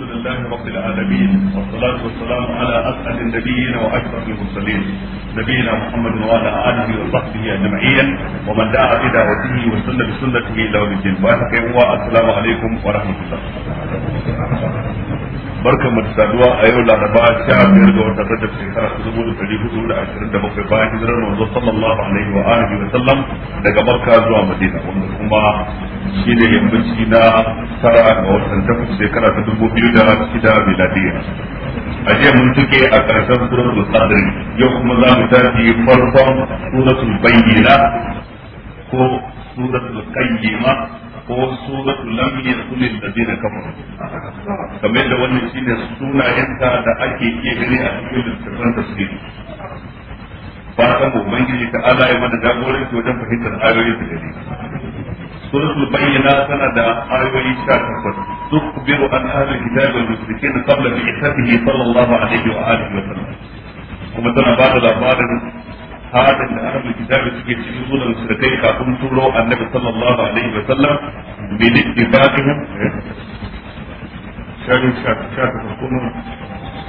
الحمد لله رب العالمين والصلاة والسلام على أسعد النبيين وأشرف المرسلين نبينا محمد وعلى آله وصحبه أجمعين ومن دعا بدعوته وسن بسنته إلى يوم الدين السلام عليكم ورحمة الله barkan mu da saduwa a yau laraba sha biyar ga watan rajab shekara ta dubu da ɗari hudu da ashirin da bakwai bayan hijirar manzo sallallahu alaihi wa alihi wa sallam daga makka zuwa madina wanda kuma shi ne yammaci na tara ga watan takwas shekara ta dubu biyu kita miladiyya a jiya mun tuke a ƙarshen suratul qadr yau kuma za mu tafi farkon suratul bayyina ko suratul qayyima ko suratul lam yakun ladina kafaru kamar da wannan shine sunayenta da ake iya gani a cikin littafin tafsiri fatan ubangiji ta Allah ya mana jagoranci wajen fahimtar ayoyin da gari سورة البينة سند آية شاكر تخبر عن أهل da والمشركين قبل بعثته صلى الله عليه وآله وسلم kuma tana ba da labarin hadin da ahlul kitabi suke cikin da musulmai kafin turo annabi sallallahu alaihi wa sallam bi ittifaqihim sharin sharin sharin kuma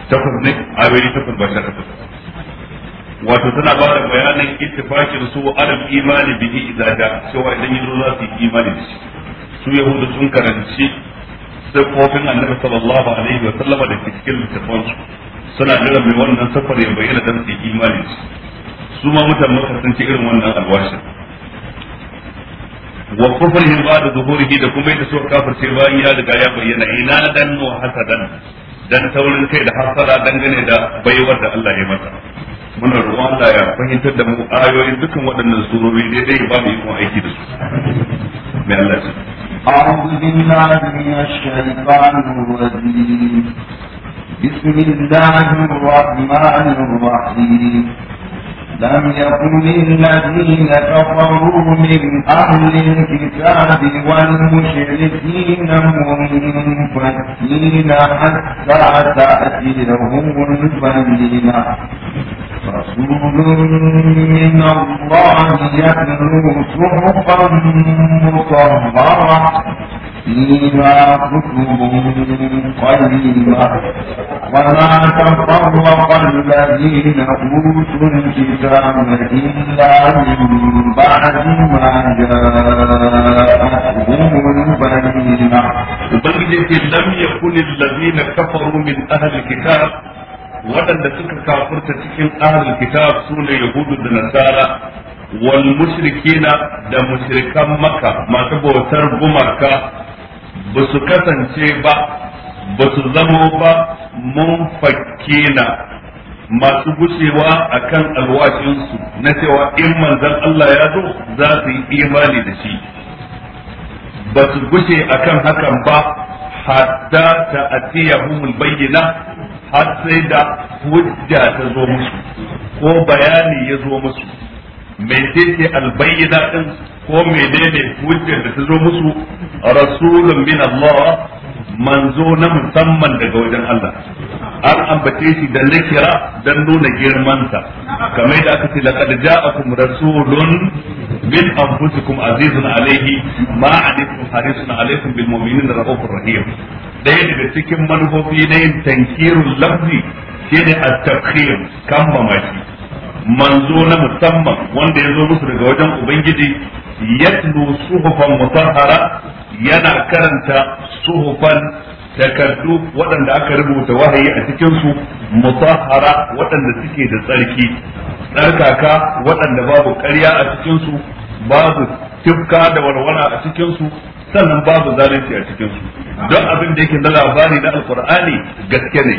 takwas ne a takwas ba sharin takwas wato tana ba da bayanin ittifaqin su adam imani bihi idza cewa idan yazo za su imani da shi su yahudu sun karanci kofin annabi sallallahu alaihi wa sallama da ke cikin littafin su suna jira mai wannan safar ya bayyana dan su imani da shi su ma mutan maka sun ci irin wannan alwashi wa kufrihim ba'da zuhurihi da kuma yadda suka kafirce bayan ya riga ya bayyana ina dan wa hasadan dan taurin kai da hasara dangane da baiwar da Allah ya masa muna roƙon Allah ya fahimtar da mu ayoyin dukkan waɗannan surori daidai ba mu ikon aiki da su mai Allah أعوذ بالله من الشيطان الرجيم بسم الله الرحمن الرحيم لم يكن الذين كفروا من أهل الكتاب والمشركين منفكين حتى تأتيهم البينة رسول من الله يدعو صحفا مطهرة فيها كتب قيمة ولا تفرق الذين أوتوا الكتاب إلا من بعد ما جاءتهم البينة وبل لم يكن الذين كفروا من أهل الكتاب waɗanda suka kafurta cikin ahlul kitab sune yahudu da nasara wal mushrikina da mushrikan makka masu bautar gumaka ba su kasance ba ba su zamo ba munfakkina masu gushewa akan alwashinsu na cewa in manzon Allah ya zo za su yi imani da shi ba su gushe akan hakan ba hatta ta atiyahumul bayyana har sai da hujja ta zo musu ko bayani ya zo musu menene albayyana din ko menene hujjar da ta zo musu rasulun min Allah manzo na musamman daga wajen Allah an ambace shi da nakira dan nuna girmanta kamar da aka ce laqad ja'akum rasulun min anfusikum azizun alayhi ma harisun alaykum bil mu'minina rahim ɗaya daga cikin manufofi na yin tankirin lafzi shi ne a tafhir kammama shi manzo na musamman wanda ya zo musu daga wajen ubangiji yatlu suhufan mutahhara yana karanta suhufan takardu waɗanda aka rubuta wahayi a cikinsu mutahhara waɗanda suke da tsarki tsarkaka waɗanda babu ƙarya a cikinsu babu tifka da walwala a cikinsu sannan babu zalunci a cikin su don abin da yake na labari na alkur'ani gaske ne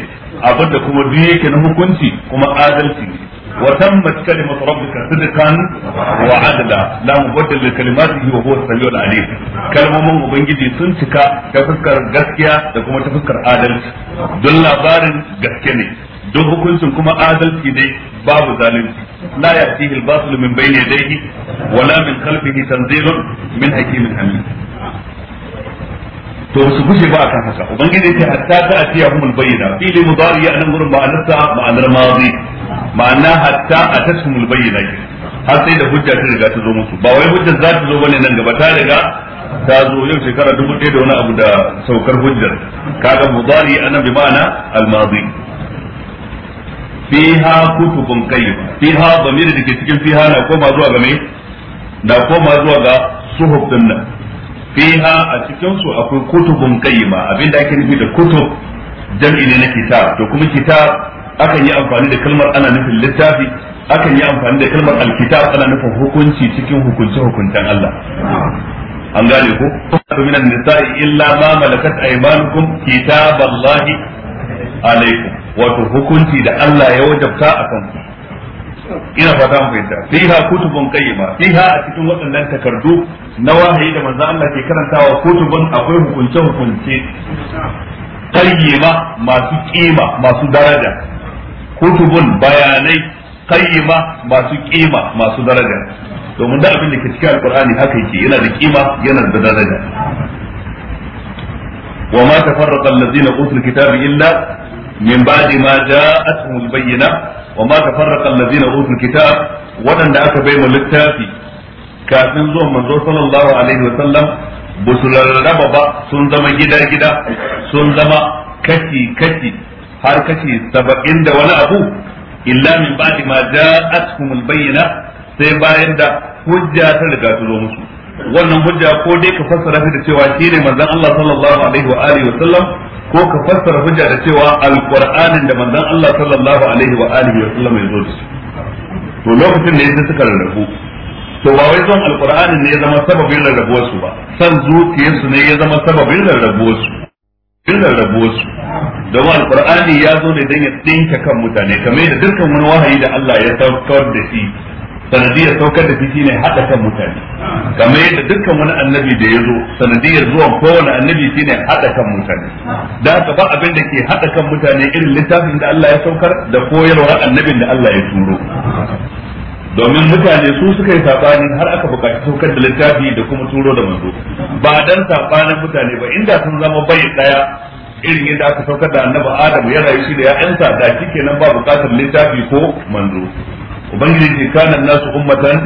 abin da kuma duk yake na hukunci kuma adalci ne وتمت كلمة ربك صدقا وعدلا لا مبدل لكلماته وهو السميع العليم كلمة من ubangiji sun cika ta fuskar gaskiya da kuma ta fuskar adalci don labarin gaske ne don hukuncin kuma adalci ne babu zalunci la ya'tihi al-batil min bayni yadayhi wala min khalfihi tanzilun min hakimin hamid to su guje ba akan haka ubangiji ce hatta ta atiya humul bayyina fili mudari ya nan gurin ma'anarsa ma'anar mazi ma'ana hatta a atashumul bayyina har sai da hujja ta riga ta zo musu ba wai hujjar za ta zo bane nan gaba ta riga ta zo yau shekara dubu ɗaya da wani abu da saukar hujjar kaga mudari anan bi ma'ana al-mazi fiha kutubun qayyima fiha bamir da ke cikin fiha na koma zuwa ga me na koma zuwa ga suhuf din nan fiha a cikin su akwai kutubun qayyima da ake nufi da kutub jam'i ne na kitab to kuma kitab akan yi amfani da kalmar ana nufin littafi akan yi amfani da kalmar alkitab ana nufin hukunci cikin hukunce hukuntan Allah an gane ko to minan nisa'i illa ma malakat aymanukum kitaballahi alaikum wato hukunci da Allah ya wajabta akan ku ina fata mu fahimta fiha kutubun qayyima fiha a cikin waɗannan takardu na wahayi da manzo Allah ke karantawa kutubun akwai hukunce hukunce qayyima masu kima masu daraja kutubun bayanai qayyima masu kima masu daraja domin da abin da ke cikin alqur'ani haka yake yana da kima yana da daraja وما تفرق الذين اوتوا الكتاب illa min ba'di ma ja'atuhumul bayyina wa ma tafarraqa allazina utul kitab waɗanda aka bai mu littafi kafin zuwan manzo sallallahu alaihi wa sallam ba su sun zama gida gida sun zama kashi kashi har kashi saba'in da wani abu illa min ba'di ma ja'atuhumul bayyina sai bayan da hujja ta riga ta zo musu wannan hujja ko dai ka fassara shi da cewa shi ne manzon Allah sallallahu alaihi wa alihi wa sallam ko ka fassara hujja da cewa alqur'anin da manzon Allah sallallahu alaihi wa alihi wa sallam ya zo da shi to lokacin da yadda suka rarrabu to ba wai son alqur'anin ne ya zama sababin rarrabuwar su ba san zuciyarsu ne ya zama sababin rarrabuwar su bin rarrabuwar su don alqur'ani ya zo ne dan ya dinka kan mutane kamar da dukkan wani wahayi da Allah ya saukar da shi sanadiyar saukar da fiti ne haɗa kan mutane kamar yadda dukkan wani annabi da ya zo sanadiyar zuwan kowane annabi shine haɗa kan mutane da haka ba abin da ke haɗa kan mutane irin littafin da Allah ya saukar da koyarwar annabin da Allah ya turo domin mutane su suka yi saɓani har aka buƙaci saukar da littafi da kuma turo da manzo ba dan sabanin mutane ba inda sun zama bai daya irin yadda aka saukar da annabi Adam ya rayu shi da ya'yansa da nan ba buƙatar littafi ko manzo ubangiji ce kana nasu ummatan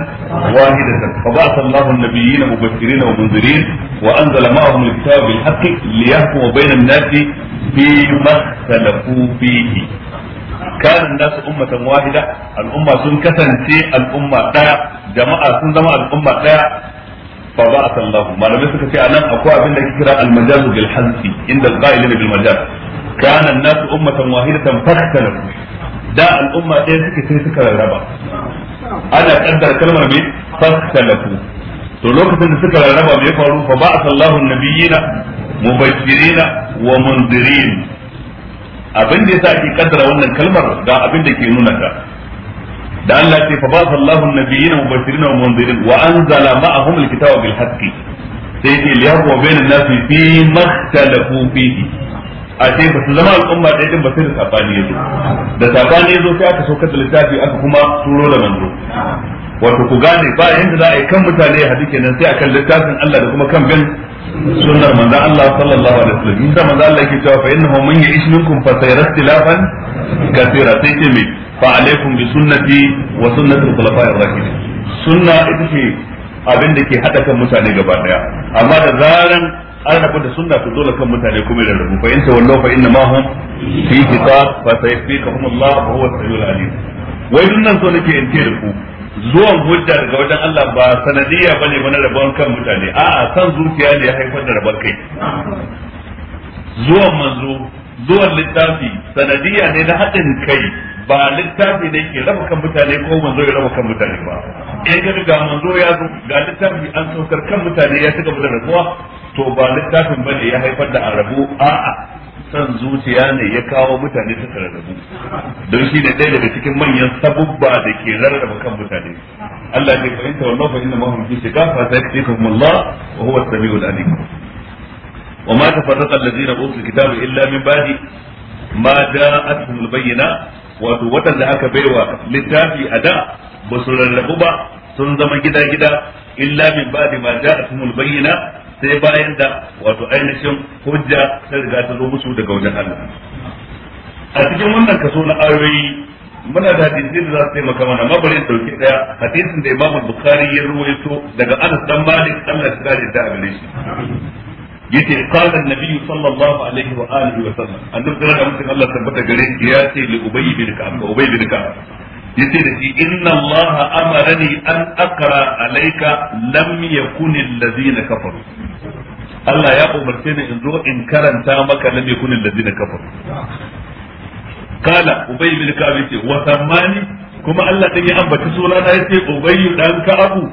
wahidatan fa ba'atha Allahu an-nabiyyin mubashirin wa munzirin wa anzala ma'ahum al-kitaba bil haqqi liyahkuma bayna an-nasi fi ma ikhtalafu fihi kana nasu ummatan wahida al sun kasance al-umma daya jama'a sun zama al-umma daya fa ba'atha malamai suka ce anan akwai abin da ake kira al-majaz inda al-qa'ilina bil majaz ummatan da al'umma ɗaya suke sai suka rarraba ana kaddar kalmar mai fastalaku to lokacin da suka rarraba mai faru fa ba sallahu nabiyina mubashirina wa mundirin abin da yasa ake kaddara wannan kalmar ga abin da ke nuna ta da Allah ce fa ba sallahu nabiyina mubashirina wa mundirin wa anzala ma'ahum alkitaba bil haqqi sai ce liyahkum bainan nasi fi maktalafu fihi a ce ba su zama al'umma ɗaya din ba sai da sabani ya zo da sabani ya zo sai aka saukar da littafi aka kuma turo da manzo wato ku gane ba yanda za a yi kan mutane ya haɗu kenan sai akan littafin Allah da kuma kan bin sunnar manzon Allah sallallahu alaihi wasallam inda manzon Allah yake cewa fa innahu man ya'ish minkum fa sayara ikhtilafan kathira sai ce me fa alaikum bi sunnati wa sunnati khulafair rashidin sunna ita ce abin da ke haɗa kan mutane gaba ɗaya. amma da zaran an rabu da sunna to dole kan mutane kuma da rabu fa in ta wallahu fa inna ma hum fi kitab fa Allah wa huwa as-sami'ul alim wai dun nan so nake in ce da ku zuwan hujja daga wajen Allah ba sanadiyya bane ba na rabon kan mutane a'a san zuciya ne ya haifar da rabon kai zuwan manzo zuwan littafi sanadiyya ne na haɗin kai ba littafi ne ke raba kan mutane ko manzo ya raba kan mutane ba in ga ga manzo ya zo ga littafi an saukar kan mutane ya cika da rabuwa to ba littafin ne ya haifar da arabu a'a san zuciya ne ya kawo mutane suka rarrabu don shi ne ɗaya daga cikin manyan sabubba da ke rarraba kan mutane Allah ne fahimta wannan fa inna mahum fi shikafa sai yake kuma Allah wa huwa as-sami'ul alim wa ma tafarraqa alladhina utul kitaba illa min ba'di ma ja'atuhum al-bayyinah wato waɗanda aka baiwa littafi a da ba su rarrabu ba sun zama gida-gida illa min ba'di a ja'atumul bayyana sai bayan da wato ainihin hujja ta riga ta zo musu daga wajen Allah a cikin wannan kaso na ayoyi muna da hadisi da za su taimaka mana amma bari dauke daya hadisin da Imam Bukhari ya ruwaito daga Anas dan Malik Allah ya kare da abin shi yace qala an-nabiy sallallahu alaihi wa alihi wa sallam annabi da mutum Allah tabbata gare shi ya ce li ubayy bin ka'ab ga ubayy bin ka'ab yace da shi inna allaha amarani an aqra alayka lam yakun alladhina kafaru Allah ya umarce ni in zo in karanta maka lam yakun alladhina kafaru kala ubay bin ka'ab yace wa sammani kuma Allah din ya ambaci sunana yace ubay dan ka'abu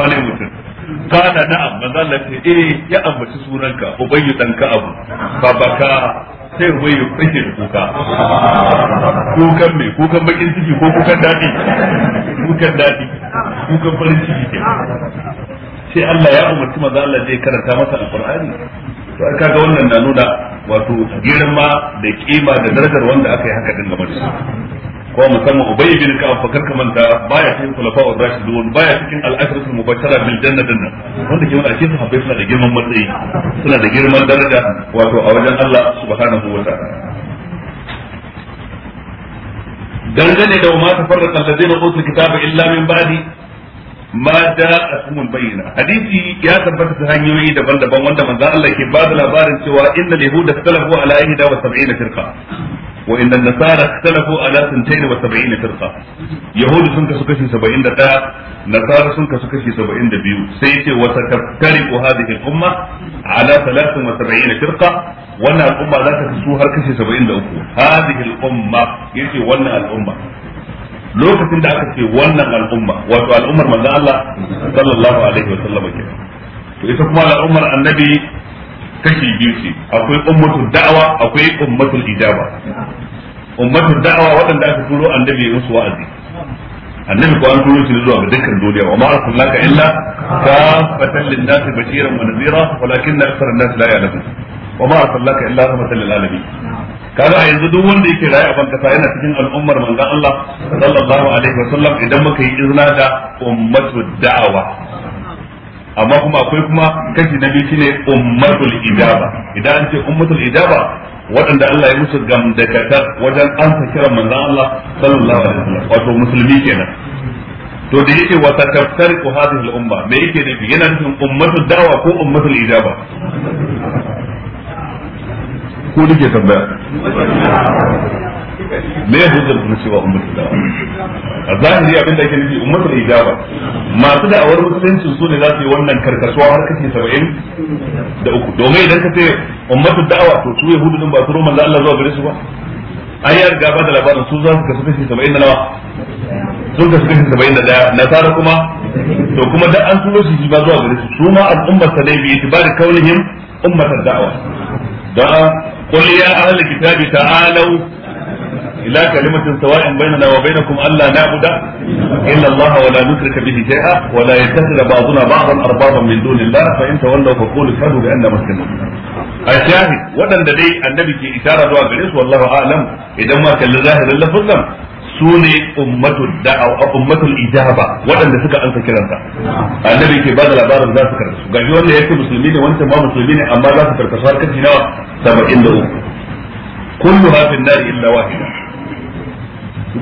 wale mutum kana na'am manzo Allah ce eh ya ambaci sunanka ubayyu dan ka'ab babaka sai ya kake da kuka kukan me kukan bakin ciki ko kukan dadi kukan dadi kukan farin ciki ke sai Allah ya umarci manzo Allah zai karanta masa alqur'ani to ai kaga wannan na nuna wato girma da kima da darajar wanda aka yi haka din ga da ko musamman ubay bin ka'ab fakar kamanta baya cikin khulafa'ur rashidun baya cikin al-ashratul mubashara bil janna dinna wanda ke wanda cikin sahabbai suna da girman matsayi suna da girman daraja wato a wajen Allah subhanahu wa ta'ala dangane da ma tafarraqa alladheena utul kitaba illa min ba'di ma da'a sumul bayyina hadisi ya tabbata ta hanyoyi daban-daban wanda manzo Allah ke ba da labarin cewa innal yahuda talafu ala 71 firqa وإن النصارى اختلفوا على 72 فرقة يهود سنك سكشي 70 دقاء نصارى سنك سكشي 72 سيتي وستفترق هذه الأمة على 73 فرقة وأن الأمة لا تكسو هركشي 70 دقاء هذه الأمة يتي وأن الأمة lokacin da aka ce wannan al'umma wato al'ummar manzo Allah sallallahu alaihi wa sallam kenan to ita kuma al'ummar annabi kashi biyu ce akwai ummatul da'awa akwai ummatul ijaba ummatul da'awa waɗanda aka turo annabi ya musu wa'azi annabi ko an turo shi zuwa ga dukkan duniya wa ma arsalnaka illa kafatan lin-nas bashiran wa nadhira walakinna aktharan nas la ya'lamun wa ma arsalnaka illa rahmatan lil-alamin kaga a yanzu duk wanda yake raye a bankasa yana cikin al'ummar manzon Allah sallallahu alaihi wa sallam idan muka yi izna da ummatud da'awa amma kuma akwai kuma kashi na biyu shine ummatul ijaba idan an ce ummatul ijaba waɗanda Allah ya musu gamdakatar wajen ansa kiran manzon Allah sallallahu alaihi wasallam wato musulmi kenan to da yake wa tataftariqu hadhihi al-umma me yake nufi yana nufin ummatul da'wa ko ummatul ijaba ko duke tambaya me ya hujjar kuma cewa ummatul da'wa a zahiri abin da ake nufi ummatul ijaba masu da'awar musulunci su ne za su yi wannan karkasuwa har kashi saba'in da uku domin idan ka ce ummatul da'wa to su yahudu din ba su roman da Allah zuwa gare su ba an yi riga ba da labarin su za su kasu kashi saba'in da nawa sun kasu kashi saba'in da daya nasara kuma to kuma da an turo su ba zuwa gare su su ma al'ummar ta dai bi itibari kaulihim ummatul da'wa da قل يا أهل الكتاب تعالوا ila kalimatin sawa'in bainana wa bainakum alla na'budu illa Allah wa la nushrika bihi shay'a wa la yattakhidha ba'duna ba'dan arbaban min dunillah fa in tawallaw fa qulu shahadu bi anna muslimun a shahi waɗanda dai annabi ke isara zuwa gare su wallahu a'lam idan ma kalli zahirin lafazan su ne ummatul da'awa ummatul ijaba waɗanda suka ansa kiransa annabi ke bada labarin za su karkasu gaji wanda yake musulmi ne wancan ma musulmi ne amma za su karkasu har kashi nawa saba'in da uku kullu hafin nari illa wahida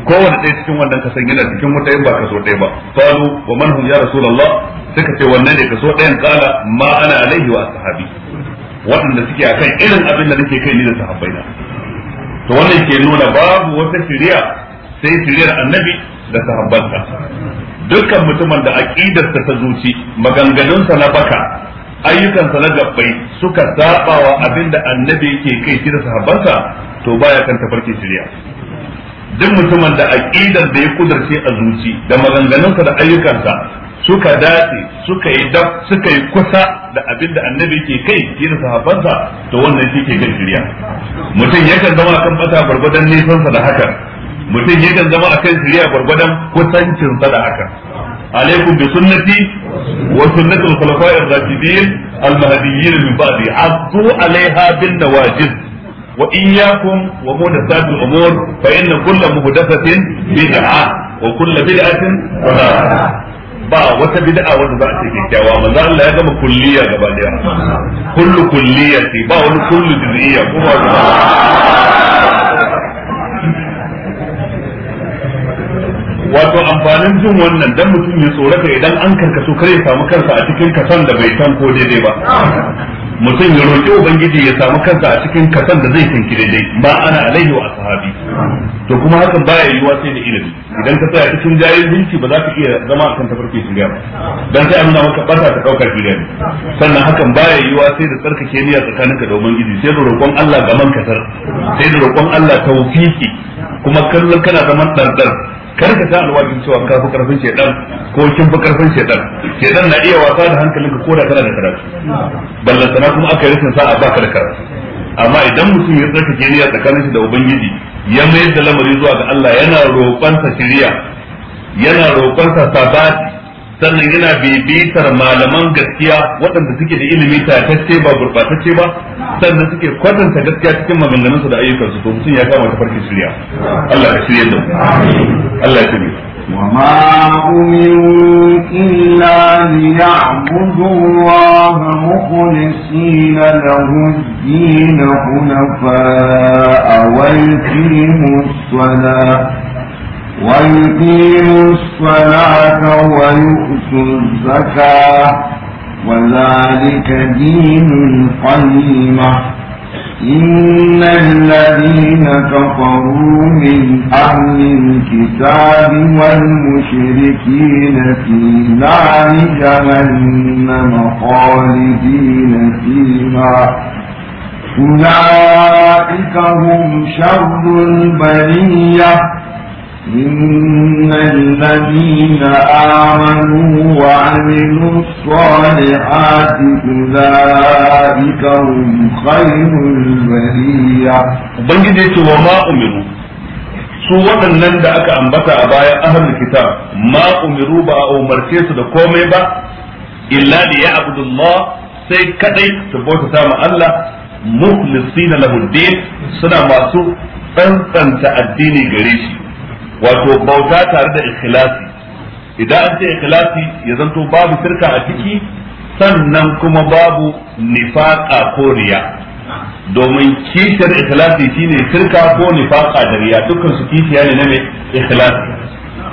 kowane ɗaya cikin wannan kasan yana cikin wuta in ba kaso ɗaya ba qalu wa manhum hum ya rasulullah suka ce wannan ne kaso ɗayan kala ma ana alaihi wa sahabi waɗanda suke a kan irin abin da nake kai ni da sahabbai na to wannan ke nuna babu wata shirya sai shiryar annabi da sahabbansa dukkan mutumin da aqidarsa ta zuci maganganunsa na baka ayyukansa na gabbai suka saba wa abin da annabi yake kai shi da sahabbansa to baya kan tafarki shirya duk mutumin da aqidar da ya kudurce a zuci da maganganunsa da ayyukansa suka dace suka yi dab suka yi kusa da abin da annabi ke kai shi da sahabbansa to wannan shi ke kan shirya mutum yakan zama akan bata gwargwadon nisansa da haka mutum yakan zama akan shirya gwargwadon kusancinsa da haka عليكم بسنتي وسنة الخلفاء الراشدين المهديين من بعدي Alayha عليها بالنواجذ وإياكم ومحدثات الأمور فإن كل محدثة بدعة وكل بدعة ضلالة ba wata bid'a wanda za a ce kyakkyawa manzo Allah ya gama kulliya gaba daya ce ba wani wato amfanin jin wannan dan mutum ya tsorata idan an karkaso kare ya samu kansa a cikin kasan da bai san ko daidai ba mutum ya roƙi ubangiji ya samu kansa a cikin kasan da zai tanki daidai ba ana alaihi wa sahabi. to kuma hakan baya yiwuwa sai da ilimi idan ka tsaya cikin jahilci ba za ka iya zama akan tafarki shirya ba Don sai nuna maka bata ta ɗaukar shirya ne sannan hakan baya yiwuwa sai da tsarkake niyya tsakaninka da ubangiji sai da roƙon Allah ga man kasar sai da roƙon Allah tawfiki kuma kallon kana zaman dardar kar ka sa alwajin cewa ka fi karfin shedan ko kin fi karfin shedan shedan na iya wasa da hankalinka ko da kana da karatu ballan sana kuma aka yi rashin sa'a ba ka da karatu amma idan mutum ya tsaka geniya tsakanin shi da ubangiji ya mayar da lamari zuwa ga Allah yana roƙon sa shiriya yana roƙon sa sabati sannan yana bibitar malaman gaskiya waɗanda suke da ilimi ta tatacce ba gurbatacce ba sannan suke kwatanta gaskiya cikin maganganunsu da ayyukan su to mutum ya kama ta tafarkin shirya Allah ya shirye da Allah ya shirye وما أمروا إلا ليعبدوا الله مخلصين له الدين حنفاء ويقيموا الصلاة ويقيموا الصلاة ويؤتوا الزكاة وذلك دين القيمة إن الذين كفروا من أهل الكتاب والمشركين في نار جهنم خالدين فيها أولئك هم شر البرية إن الذين آمنوا وعملوا الصالحات أولئك هم خير البرية وبنجد وما أمروا su waɗannan da aka ambata a bayan ahlul kitab ma umiru ba a umarce su da komai ba illa da ya abudullah sai kadai su bauta ta ma Allah mukhlisina lahu din suna masu tsantsanta addini gare shi wato bauta tare da ikhlasi idan an ce ikhlasi ya zanto babu shirka a ciki sannan kuma babu nifaqa ko riya domin kishiyar ikhlasi shine shirka ko nifaqa da riya dukkan su kishiya ne na mai ikhlasi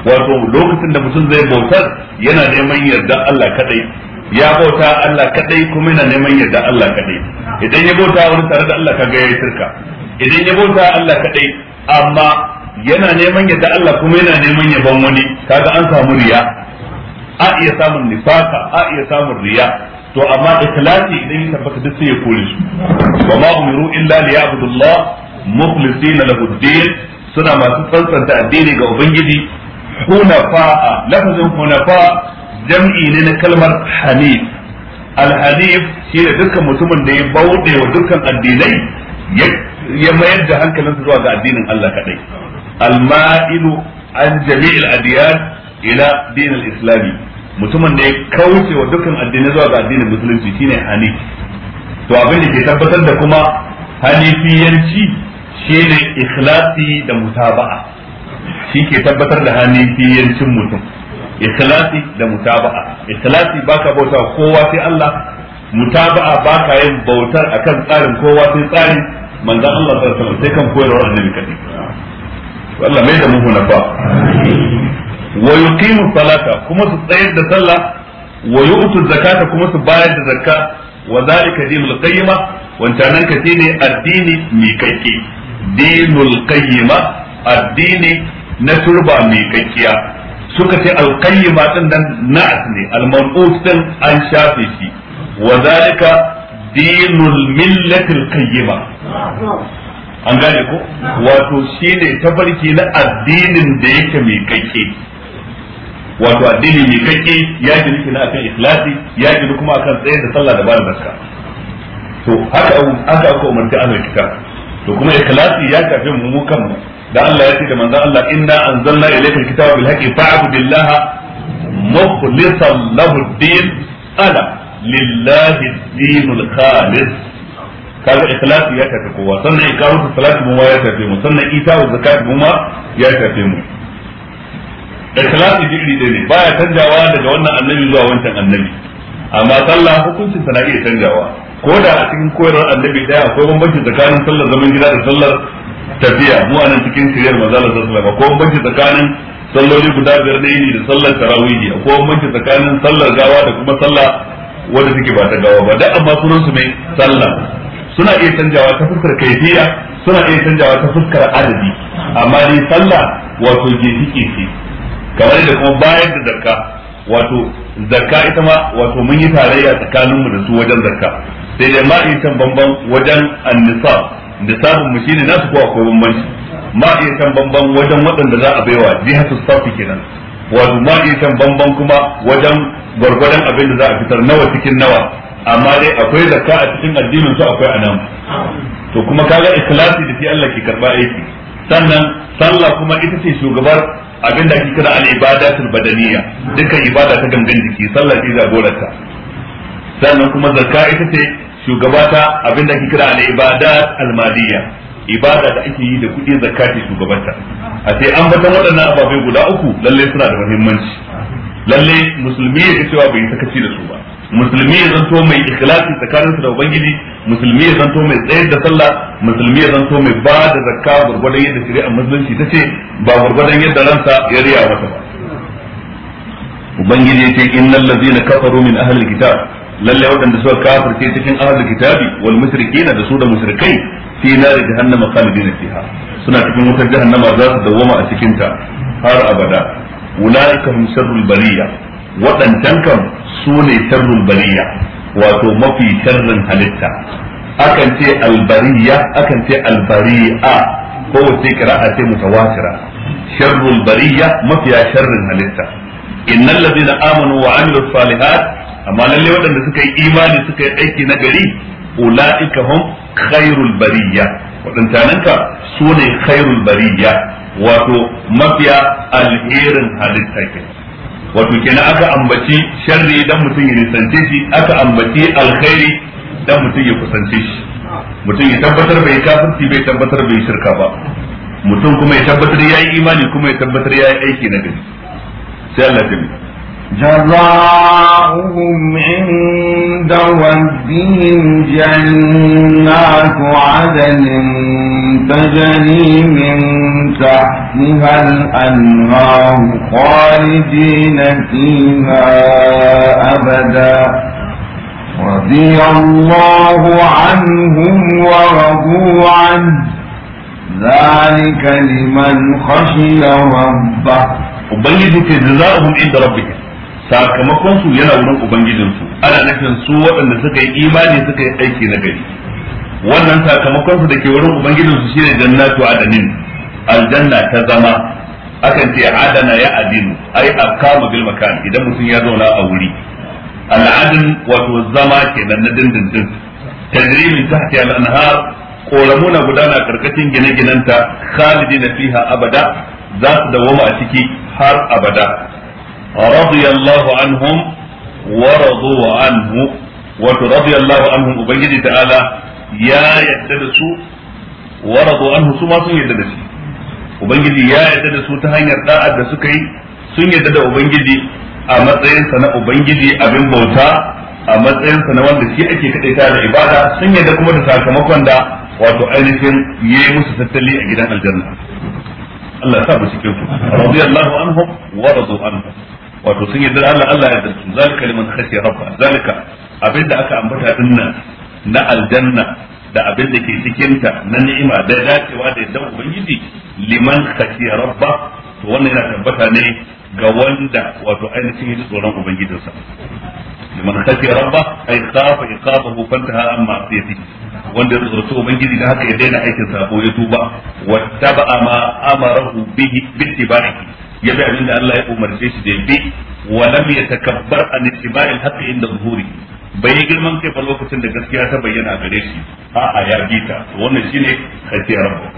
wato lokacin da mutum zai bautar yana neman yarda Allah kadai ya bauta Allah kadai kuma yana neman yarda Allah kadai idan ya bauta wani tare da Allah kaga yayi shirka idan ya bauta Allah kadai amma yana neman yadda Allah kuma yana neman ban wani kaga an samu riya a iya samun nifaka a iya samun riya to amma ikhlasi idan ya tabbata duk sai ya kore su wa ma umiru illa liya'budullah mukhlisina lahu din suna masu tsantsanta addini ga ubangiji hunafa'a lafazin hunafa jam'i ne na kalmar hanif al-hanif shi dukkan mutumin da ya bauɗe wa dukkan addinai ya mayar da hankalinsa zuwa ga addinin Allah kaɗai al-ma'ilu an jami'il adiyan ila din islami mutumin da ya kauce wa dukkan addinai zuwa ga addinin musulunci shine hanif to abin da ke tabbatar da kuma hanifiyanci shine ikhlasi da mutaba'a shi ke tabbatar da hanifiyancin mutum ikhlasi da mutaba'a ikhlasi baka bauta kowa sai Allah mutaba'a baka yin bautar akan tsarin kowa sai tsarin manzon Allah sallallahu alaihi wasallam sai kan koyarwar annabi kadai Allah mai da muhu ba wa yuqimu salata kuma su tsayar da sallah wa yu'tu zakata kuma su bayar da zakka wa zalika dinul qayyima wancanan ka shine addini mai kakke dinul qayyima addini na turba mai kakkiya suka ce alqayyima din nan na'at ne al-manqut din an shafe shi wa zalika dinul millatil qayyima an gane ko wato shine tafarki na addinin da yake mai kake wato addini mai kake ya ji nufi na akan ikhlasi ya ji kuma akan tsayar da sallah da ba da zakka to haka haka aka umarta ahlul kitab to kuma ikhlasi ya tafi mu mu da Allah ya ce da manzon Allah inna anzalna ilayka alkitaba bil haqqi fa'budu billaha mukhlishan lahu din ala lillahi ad-dinul khalis kaga ikhlasi ya tafi kowa sannan ta salati mu ya tafi mu sannan wa zakati mu ma ya tafi mu ikhlasi digiri da ne baya canjawa daga wannan annabi zuwa wancan annabi amma sallah hukuncin sa na iya canjawa ko da a cikin koyarwar annabi daya akwai bambanci tsakanin sallar zaman gida da sallar tafiya mu anan cikin shirin manzala sallallahu alaihi ko bambanci tsakanin salloli guda biyar da yini da sallar tarawihi ko bambanci tsakanin sallar gawa da kuma sallah wanda take ba ta gawa ba da amma sunan su mai sallah suna iya canjawa ta fuskar kaifiya suna iya canjawa ta fuskar adadi amma dai sallah wato ginshiki ce kamar da kuma bayar da zakka wato zakka ita ma wato mun yi tarayya tsakanin mu da su wajen zakka sai dai ma iya can bamban wajen annisa nisabin mu shine nasu ko akwai bambanci ma iya can bamban wajen waɗanda za a baiwa jihatu safi kenan wato ma iya can bamban kuma wajen gwargwadon abin da za a fitar nawa cikin nawa amma dai akwai zakka a cikin addinin su akwai anan to kuma kaga ikhlasi da shi Allah ke karba aiki sannan sallah kuma ita ce shugabar abin da ake kira al-ibadatul badaniyya dukkan ibada ta gangan jiki sallah ce sannan kuma zakka ita ce shugaba ta abin da ake kira al-ibadat al-maliyya ibada da ake yi da kuɗi zakka ce shugabanta a sai an bata waɗannan ababai guda uku lalle suna da muhimmanci lalle musulmi ya cewa bai sakaci da su ba musulmi ya zanto mai ikhlasi tsakaninsa da ubangiji musulmi ya zanto mai tsayar da sallah musulmi ya zanto mai ba da zakka gurgurdan yadda a musulunci ta ce ba gurgurdan yadda ransa ya riya masa ba ubangiji ya ce innal ladzina kafaru min ahli alkitab lalle waɗanda suka kafirce cikin ahli kitabi wal mushrikina da su da mushrikai fi nari jahannama khalidina fiha suna cikin wutar jahannama za su dawwama a cikin ta har abada ulaika hum sharrul bariya waɗancan kan su ne sharrun bariya wato mafi sharrin halitta akan ce albariya akan ce albari'a ko wace kira'a ce mutawatira sharrun bariya mafiya sharrin halitta innal ladina amanu wa amilus salihat amma lalle waɗanda suka yi imani suka yi aiki na gari ulaika hum khairul bariya ka su ne khairul bariya wato mafiya alherin halitta kenan wato kenan aka ambaci sharri dan mutum ya nisance shi aka ambaci alkhairi dan mutum ya kusance shi mutum ya tabbatar bai kafirci bai tabbatar bai shirka ba mutum kuma ya tabbatar yayi imani kuma ya tabbatar yayi aiki na gari sai Allah ya جزاؤهم عند ربهم جنات عدن تجري من تحتها الأنهار خالدين فيها أبدا رضي الله عنهم ورضوا عنه ذلك لمن خشي ربه وبلغوا جزاؤهم عند ربهم sakamakon su yana wurin ubangijin su ana nufin su waɗanda suka yi imani suka yi aiki na gari wannan sakamakon su dake wurin ubangijin su shine jannatu adanin aljanna ta zama akan ce adana ya adinu ai akama bil makan idan mutum ya zauna a wuri al'adin wato zama kenan na dindindin tajri min tahti al-anhar na gudana karkashin gine-ginanta khalidina fiha abada za su dawoma a ciki har abada radiyallahu anhum wa anhu wato radiyallahu anhum ubangiji ta'ala ya yarda da su wa anhu su ma sun yadda da shi ubangiji ya yadda da su ta hanyar da'ar da suka yi sun yarda da ubangiji a matsayinsa na ubangiji abin bauta a matsayinsa na wanda shi ake kadaita da ibada sun yadda kuma da sakamakon da wato ainihin yayi tattali a gidan aljanna Allah ya sa wa wato sun yarda Allah Allah ya yarda su zalika liman khashiya rabba zalika abinda aka ambata dinna na aljanna da abin da ke cikinta na ni'ima da dacewa da yadda ubangiji liman khashiya rabba to wannan yana tabbata ne ga wanda wato ainihin yi tsoron ubangijinsa liman khashiya rabba ay khafa iqabahu fantaha an ma'siyati wanda ya tsorci ubangiji da haka ya daina aikin ko ya tuba wattaba'a ma amarahu bihi bittiba'i ya bi abin da Allah ya umarce shi da ya bi wa lam yatakabbar an ittiba'il haqqi inda zuhuri bai yi girman kai ba lokacin da gaskiya ta bayyana a gare shi a'a ya bi ta wannan shine khasiyar rabbu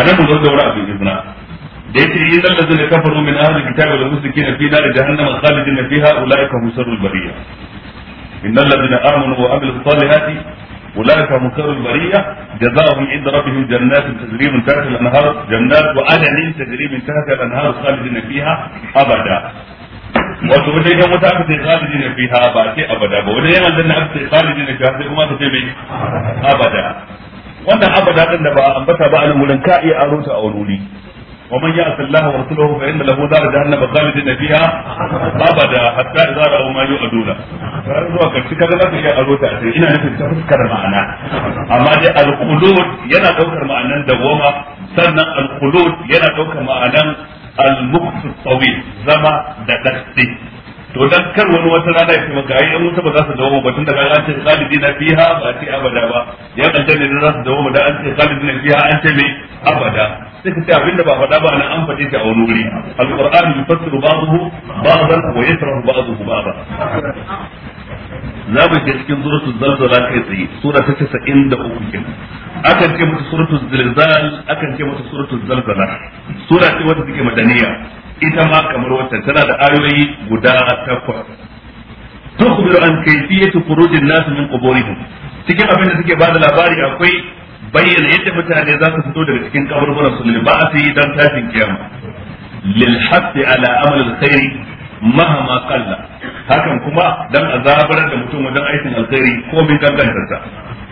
anan da zo daura abin ibna da yace yi zalla zalla kafaru min ahli kitabi wal muslimin fi nar jahannam khalidin fiha ulaika hum sharrul bariyah innal ladina amanu wa amilus salihati أولئك هم خير البرية جزاؤهم عند ربهم جنات تجري من تحتها الأنهار جنات وعدن تجري من تحتها الأنهار خالدين فيها أبدا wato wanda ya mutu aka ce khalidi na ha ba sai abada ba wajen yan aljanna aka ce khalidi na ha sai kuma aka ce mai abada wannan abada din da ba ambata ba a nan ka iya aro ta a wuri ومن يعص الله ورسوله فان له دار جهنم خالد فيها ابدا حتى اذا راوا ما يؤدون. فرزوا كتشكر لك يا الخلود ينا توكر معنا دوما سنة الخلود ينا توكر معنا المكس الطويل زما دكتي to dan kar wani wata rana ya ce maka ai yan wuta ba za su dawo ba tun daga an ce na fiha ba a ce abada ba yan aljanna ne za su dawo da an ce khalidina fiha an ce me abada sai ka ce abinda ba faɗa ba nan an faɗe shi a wani wuri alquran yufassiru ba'dahu ba'dan wa yasrahu ba'dahu ba'dan za mu ke cikin suratul zalzala kai tsaye sura ta 93 kenan akan ce mata suratul zilzal akan ce mata suratul zalzala sura ce wata take madaniya ita ma kamar wata tana da ayoyi guda takwas tukhbiru an kayfiyatu furujin nas min quburihim cikin abin da suke bada labari akwai bayyana yadda mutane za su fito daga cikin kaburburan su ba a sai dan tashin kiyama lil hadd ala amal al khair mahama qalla hakan kuma dan azabar da mutum wajen aikin alkhairi ko bin kankantarsa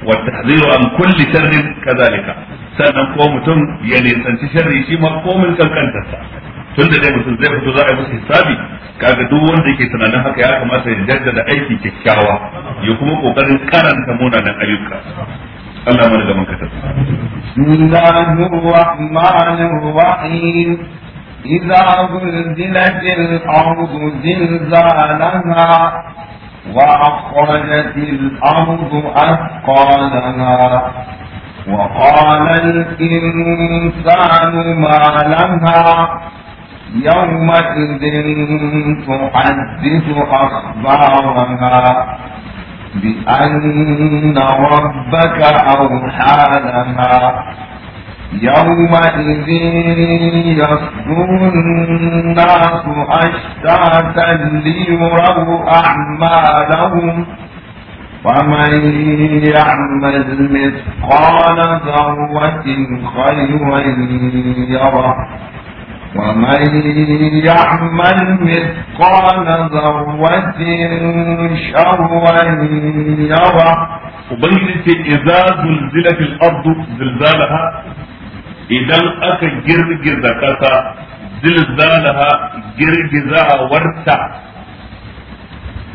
wa tahziru an kulli sharrin kazalika sannan ko mutum ya nisanci sharri shi ma komin kankantarsa tun da dai mutum zai fito za a yi musu hisabi kaga duk wanda yake tunanin haka ya kamata ya jaddada aiki kyakkyawa ya kuma kokarin karanta munanan ayyuka Allah mana gaban ka Bismillahir Rahmanir Rahim إذا زلزلت الأرض زلزالها وأخرجت الأرض أثقالها وقال الإنسان ما لها يومئذ تحدث أخبارها بأن ربك أوحى لها يومئذ يصدر الناس أشتاتا ليروا أعمالهم ومن يعمل مثقال ذرة خيرا يره ومن يعمل مثقال ذروة شرا يرى وبينت إذا زلزلت الأرض زلزالها إذا أتى جرجر ذكاكا زلزالها جرجزا ورتا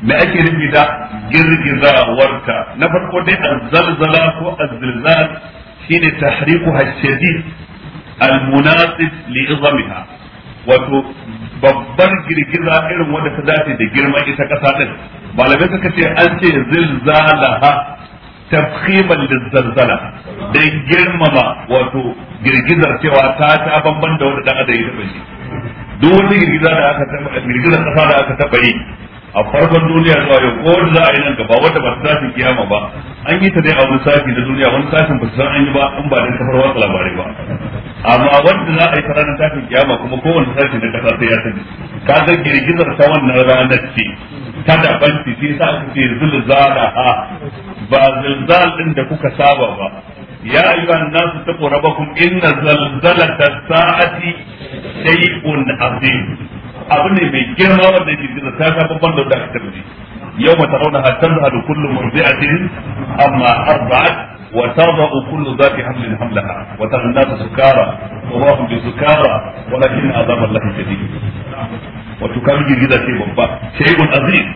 بأكل بدا جرجزا ورتا نفرق دي الزلزلات والزلزال حين تحريقها الشديد almunasib li izamiha wato babbar girgiza irin wanda ta dace da girman ita ƙasa ɗin, malamai suka ce an ce zilzalaha tafkhiman lizalzala dan girmama wato girgizar cewa ta banban da wanda dan adam ya taba shi duk wani girgiza da aka taɓa yi a farkon duniya zuwa yau ko wanda za a yi nan gaba wanda ba ta iyama kiyama ba an yi ta dai a wani sashi na duniya wani sashin ba su san an yi ba an ba da kafar watsa labarai ba amma wanda za a yi ta ranar tafin kiyama kuma kowane sashi na kasa sai ya sani ka ga girgizar ta wannan ranar ce ta da banci shi sa aka ce zilzala ba zilzal din da kuka saba ba ya ayyuhan nasu taqu rabbakum inna zalzalata sa'ati shay'un azim abu ne mai girma wanda yake gizo ta ta babban da wanda aka tabbaci yau mata auna hatta da hadu kullum a cikin. amma har arba'at wa tadau kullu zati hamlin hamlaha wa tara an-nas sukara wa hum bi sukara azabar azab Allah shadid wato kan girgiza ce babba shay'un azim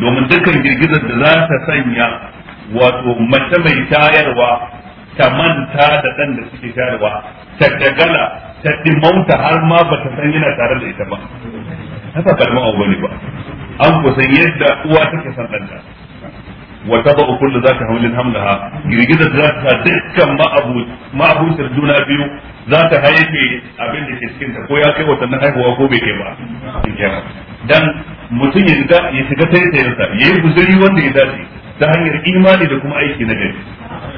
domin dukkan girgizar da za ta sanya wato mace mai tayarwa ta manta da ɗan da suke jarwa, ta dagala ta dimauta har ma ba ta san yana tare da ita ba haka kalma abu ba an kusan yadda uwa take san ɗanta wa tadau kullu zaka hamlin hamlaha girgizar za ta dukkan ma'abutar juna biyu za ta haife abin da ke cikin ta ko ya kai watannin haihuwa ko bai kai ba dan mutum ya shiga ta shiga taitayensa yayi guzuri wanda ya dace ta hanyar imani da kuma aiki na gari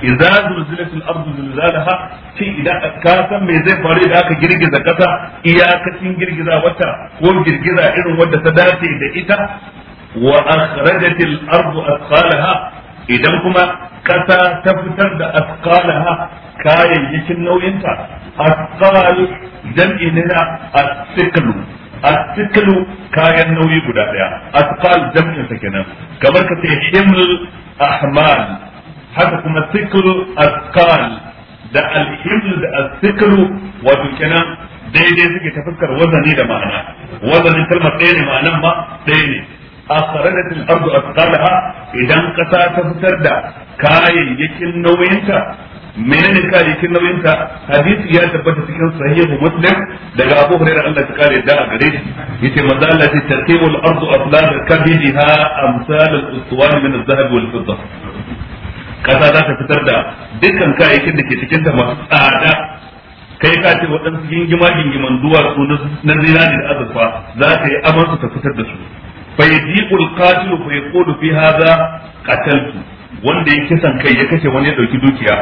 idza al ardu zilzalaha shin idan ka san me zai faru da aka girgiza kasa iyakacin girgiza wata ko girgiza irin wadda ta dace da ita wa al ardu athqalaha idan kuma kasa ta fitar da athqalaha kayayyakin nauyinta athqal jam'i ne na athqalu athqalu kayan nauyi guda daya athqal jam'in ta kenan kamar ka ce himl ahmal haka kuma Sikiru, askal da alhimlu da asikru wato kenan daidai suke ta fuskar wazani da ma'ana wazanin kalmar ɗaya ne ma'anan ma ɗaya ne akhradat al-ardu athqalaha idan kasa ta fitar da kayayyakin nauyinta menene kayayyakin nauyinta hadisi ya tabbata cikin sahihu muslim daga Abu Hurairah Allah ta kare da gare shi yace manzo Allah ta tartibul ardu athlal kabidiha amsal al-uswan min al-dhahab wal-fidda kasa za ta fitar da dukkan kayayyakin da ke cikin ta masu tsada kai ka ce waɗansu gingima gingiman duwatsu na zinari da azurfa za ta yi amansu ta fitar da su fayadiqul ko ya yaqulu fi haza wanda ya kisan kai ya kashe wani ya ɗauki dukiya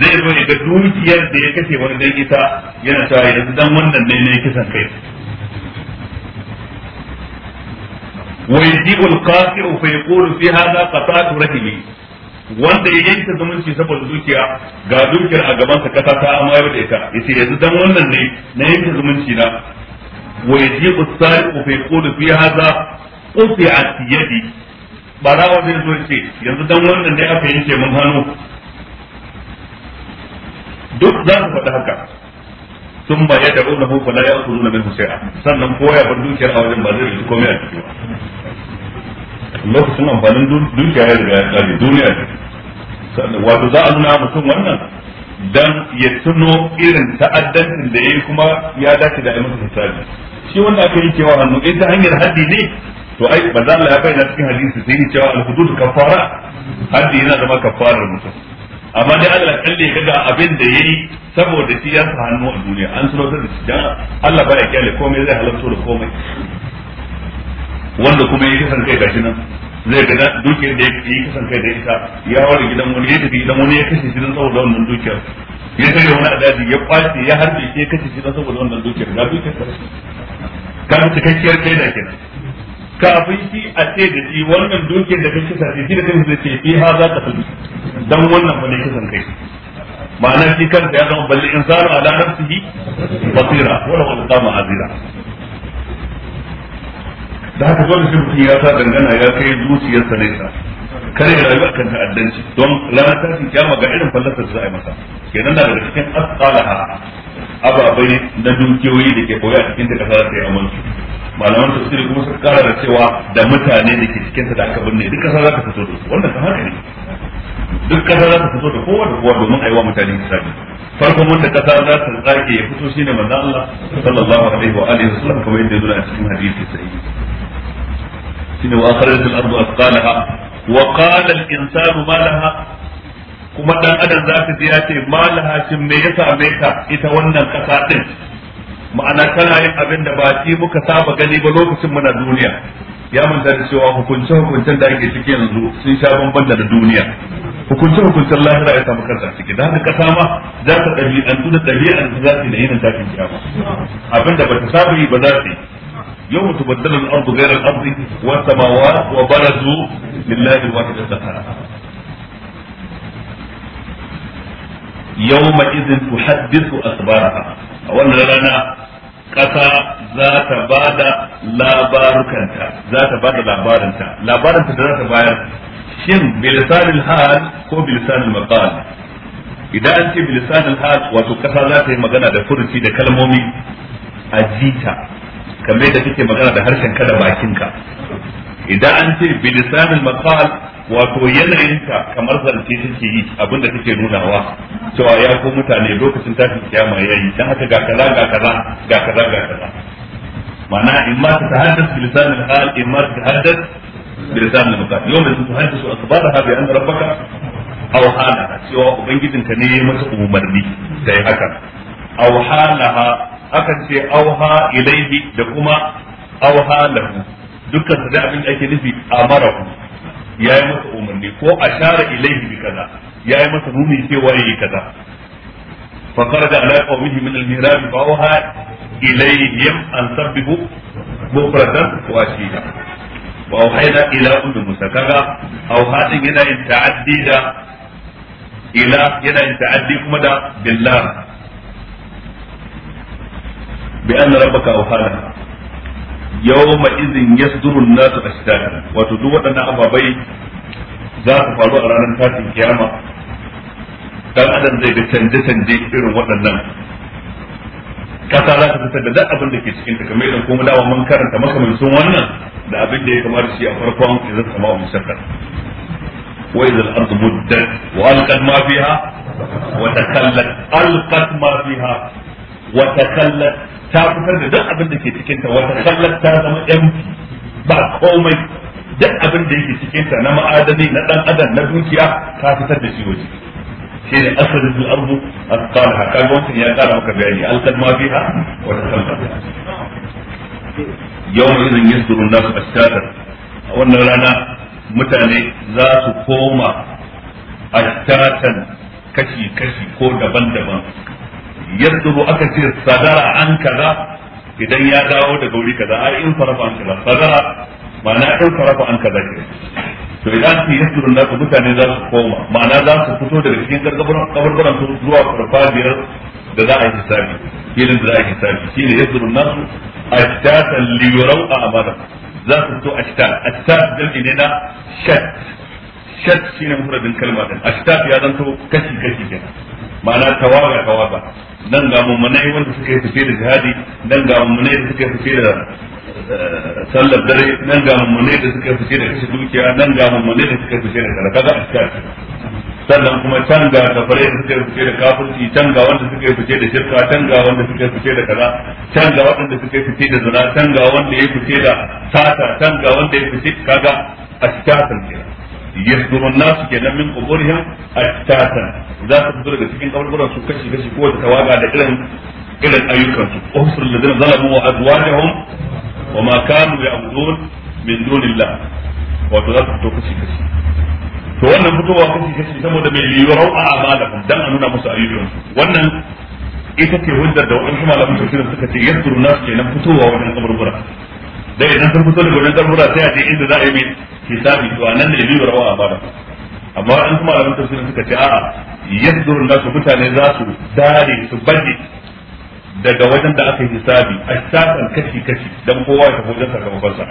zai zo ya ga dukiyar da ya kashe wani dan ita yana cewa yanzu dan wannan ne ne kisan kai ويجيء القاسر فيقول في هذا رحمي wanda ya yanke zumunci saboda zuciya, ga dukiyar a gabansa kasa ta amayar da ita yace yanzu dan wannan ne na yanke zumunci na wa yajibu sariqu fi qulu fi hadha quti'at yadi barawa zai zo ce yanzu dan wannan ne aka yanke mun hannu duk za su faɗi haka sun ba ya da'u na ya la ya'khuduna minhu sannan koya ban dukiyar a wajen ba zai yi komai a ciki ba lokacin amfanin dukiya ya daga ya duniya wato za a nuna mutum wannan dan ya tuno irin ta'addancin da yayi kuma ya dace da ayyukan hisabi shi wanda aka yi cewa hannu in ta hanyar haddi ne to ai ba za Allah ya bayyana cikin hadisi sai ni cewa al-hudud kafara haddi yana zama kafarar mutum amma dai Allah kalle ya ga abin da yayi saboda shi ya hannu a duniya an tsoro da shi dan Allah baya kyale komai zai halarta da komai wanda kuma ya kisan kai gashi nan zai ga dukiyar da ya kisan kai da ita ya ware gidan wani ya tafi gidan wani ya kashe shi don saboda wannan dukiyar ya tare wani adadi ya kwace ya harbe shi ya kashe shi don saboda wannan dukiyar ga dukiyar ka ka cikakkiyar kai da kenan kafin shi a ce da shi wannan dukiyar da ka kisa shi shi da kai zai ce fi ha za ka tafi dan wannan wani kisan kai ma'ana shi kansa ya zama balli insanu ala nafsihi basira wala wala qama azira da haka dole sai mutum ya sa dangana ya kai zuciyarsa ne sa. kare ya rayu akan ta'addanci don ranar tashin kiyama ga irin fallasar da za a yi masa kenan na daga cikin asalaha ababai na dukiyoyi da ke koya a cikin ta ta yi amince malaman tafsiri kuma suka kara da cewa da mutane da ke cikin ta da aka binne duk kasa za ta fito da su wannan haka ne duk kasa za ta fito da kowa da kowa domin a yi wa mutane hisabi farkon wanda kasa za ta tsage ya fito shine manzo Allah sallallahu alaihi wa alihi wasallam kamar yadda ya zo a cikin hadisi sahihi shine wa akhrajat al-ardu athqalaha wa qala al-insanu ma laha kuma dan adam zaka ji ya ce ma laha shin me yasa me ka ita wannan kasa din ma'ana tana yin abin da ba shi muka saba gani ba lokacin muna duniya ya manta da cewa hukuncin hukuncin da ake ciki yanzu sun sha bamban da duniya Hukuncin hukuncin lahira ya samu kansa ciki da haka kasa ma za ta ɗabi'antu da ɗabi'antu za su yi da yinin zafin kiyama abin da ba ta saba yi ba za ta yi يوم تبدل الأرض غير الأرض والسماوات وبرزوا لله الواحد القهار يومئذ تحدث أخبارها wannan rana ƙasa za ta ba labarukanta za ta ba da labarinta da za ta bayar shin bilisanil hal ko bilisanil maqal idan an ce bilisanil hal wato ƙasa za ta yi magana da furuci da kalmomi a jita kamar yadda kake magana da harshen ka da bakin ka idan an ce bi lisan al maqal wato yanayin ka kamar zance take yi abinda kake nunawa cewa ya ko mutane lokacin ta tashin kiyama yayi dan haka ga kaza ga kaza ga kaza ga kaza ma'ana in ma ta hadda bi lisan al hal in ma ta hadda bi lisan al maqal yau da su hadda su asbaraha bi an rabbaka aw hala cewa ubangijinka ne ya masa umarni sai haka auha laha aka ce auha ilaihi da kuma auha lahu dukkan su da abin da ake nufi amarahu yayi masa umarni ko a share ilaihi bi kaza yi masa nuni cewa yayi kaza fa kharaja ala qawmihi min al-mihrab fa auha ilaihim an sabbihu mufradan wa ashida wa auhayna ila ummi musa kaga auha din yana yin ta'addi da ila yana yin ta'addi kuma da billah bi anna rabbaka awhala yawma idhin yasduru an-nasu ashtatan wato duk waɗannan ababai za su faru a ranar tashin kiyama dan adam zai ga canje-canje irin waɗannan kasa za ta fitar da duk abin da ke cikin ta kamar idan kuma dawa man karanta makamancin wannan da abin da ya kamata shi a farkon idan sama wa musakkar wa idza al muddat wa alqat ma fiha wa takallat alqat ma fiha Wata kallar ta fitar da duk abin da ke cikin ta wata kallar ta zama empty ba komai duk abin da yake cikin ta na ma'adani na dan adam na dukiya ta fitar da shi waje shi ne asalin fil a asqal haka wancan ya kara maka bayani alqad ma biha wa takallat yawma idan yasdurun nasu a wannan rana mutane za su koma ashatan kashi-kashi ko daban-daban Yadda yaddubu aka ce sadara an kaza idan ya dawo daga wuri kaza ai in farafa an kaza sadara ma'ana in farafa an kaza ke to idan su yaddubu na ku mutane za su koma ma'ana za su fito daga cikin kabarbaran su zuwa farfajiyar da za a yi hisabi filin da za a yi hisabi yadda yaddubu na su ashtatan liyurau a amada za su fito a a ashtat dalili ne na shat shat shine mufradin kalma din ashtat ya zanto kashi kashi kenan ma'ana tawaga tawaga dan ga munai wanda suka yi fice da jihadi dan ga munai da suka yi fice da eh, sallar dare nan ga munai da suka fice da kashe dukiya nan ga munai da suka fice da karaka da aska sannan kuma can ga kafare da suka fice da kafirci can ga wanda suka fice da shirka can ga wanda suka fice da kaza can ga wanda suka fice da zina can ga wanda ya fice da sata can ga wanda ya fice kaga askar kenan yasduru nasu kenan min quburihim attatan za su fito daga cikin kaburburan su kashi kashi ko wata tawaga da irin irin ayyukan su usul ladina zalamu wa azwajuhum wa ma kanu ya'budun min dunillah wato za su fito kashi kashi to wannan fitowa kashi kashi saboda mai yiwuwar a amalakum dan a nuna musu ayyukan su wannan ita ce hujjar da wa'ansu malamin tafsirin suka ce yasduru nasu kenan fitowa wajen kaburbura dai idan sun fito daga wajen kaburbura sai a je inda za a yi hisabi to anan ne bi rawa a bada amma an kuma malaman tafsirin suka ce a'a yazdurun nasu mutane za su dare su baje daga wajen da aka yi hisabi a shafan kashi kashi dan kowa ya tafi wajen sakamakon sa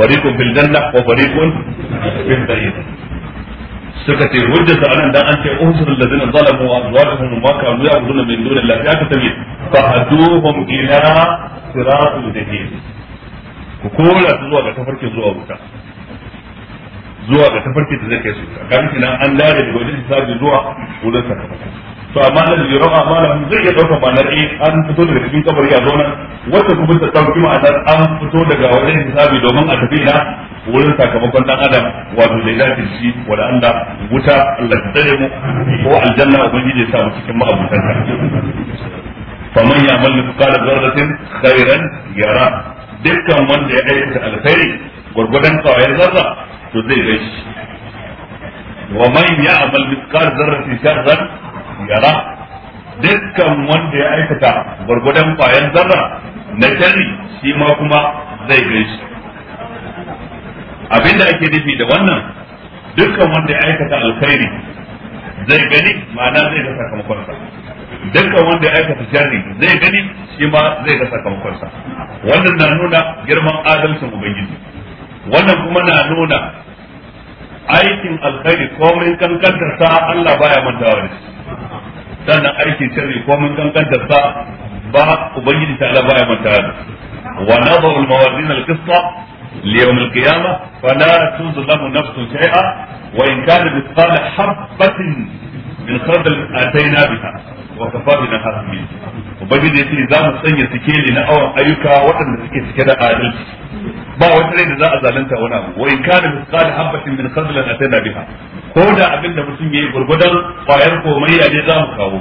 fariqun bil janna wa fariqun fil sa'ir suka ce hujjar sa anan dan an ce usul ladina zalamu wa azwajuhum ma kanu ya'buduna min dunillahi ya katabi fa haduhum ila siratul jahim ku kora zuwa ga tafarkin zuwa wuta zuwa ga tafarki da zai kai su a kan nan an dare daga wajen hisabi zuwa wurin sakamako to amma Allah ya rawa malamin zai iya dauka ma'anar eh an fito daga cikin kabari a zo nan wata kuma ta dauki ma'anar an fito daga wajen hisabi domin a tafi ina wurin sakamakon dan adam wato da ya dace shi wanda Allah wuta Allah ya tsare mu ko aljanna ubangiji ya sa mu cikin ma'abutan ka faman ya'mal mithqala dharratin khairan yara dukkan wanda ya aikata alkhairi gurgudan kawai zarra to zai gaishe wa man ya'mal mithqal dharratin sharran yara dukkan wanda ya aikata gurgudan bayan zarra na sharri shi ma kuma zai gaishe abinda ake nufi da wannan dukkan wanda ya aikata alkhairi zai gani ma'ana zai ga sa dukkan wanda ya aikata sharri zai gani shi ma zai ga sakamakonsa wannan na nuna girman adalcin ubangiji wannan kuma na nuna aikin alkhairi ko kankantar sa Allah baya manta wani sannan aikin sirri komin kankantar sa ba ubangiji ta Allah baya manta wani wa nadaru al-mawazin al-qisṣa li yawm al-qiyama fa la tuzlamu nafsun wa in kana mithqala habatin min khardal atayna biha wa kafa bina hasbi ubangiji ya ce za mu sanya sikeli na awan ayyuka waɗanda suke cike da adalci ba wata rai da za a zalunta wani abu wa in kana misqal habatin min khardal atana biha ko da abin da mutum yayi gurgudan kwayar komayya ne za mu kawo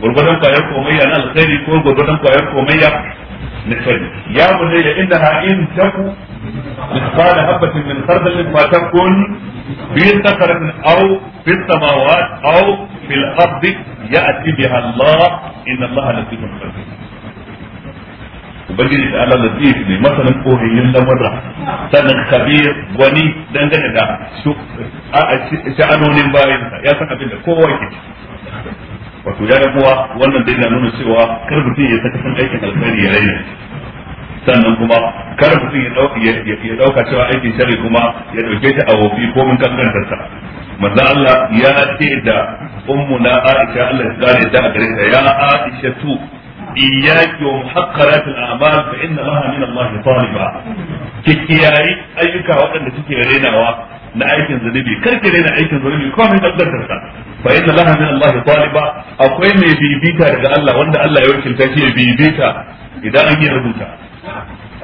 gurgudan kwayar komayya na alkhairi ko gurgudan kwayar komayya na shari ya bunne ya inda ha in taku misqal habatin min khardal ma takun bi sakaratin aw fi samawat aw fil ardi ya'ti biha Allah inna Allah latifun khabir ubangiji da Allah latif ne masanin kohiyin lamarra sannan kabir gwani dangane da sha'anonin bayansa ya san abin da kowa ke wato ya kuwa wannan dai na nuna cewa kar mutum ya saka san aikin alkhairi ya raina sannan kuma kar mutum ya dauka cewa aikin shari kuma ya dauke ta a wofi ko mun kankantar sa manzo Allah ya ce da ummuna Aisha Allah ya gane ta a gare ta ya Aisha tu iyyaki wa muhaqqaratil a'mal fa inna laha min Allah taliba ki kiyayi ayyuka waɗanda suke renawa na aikin zunubi kar ki rena aikin zunubi ko mai dabbatar sa fa inna laha min Allah taliba akwai mai bibita daga Allah wanda Allah ya wakilta shi ya bibita idan an yi rubuta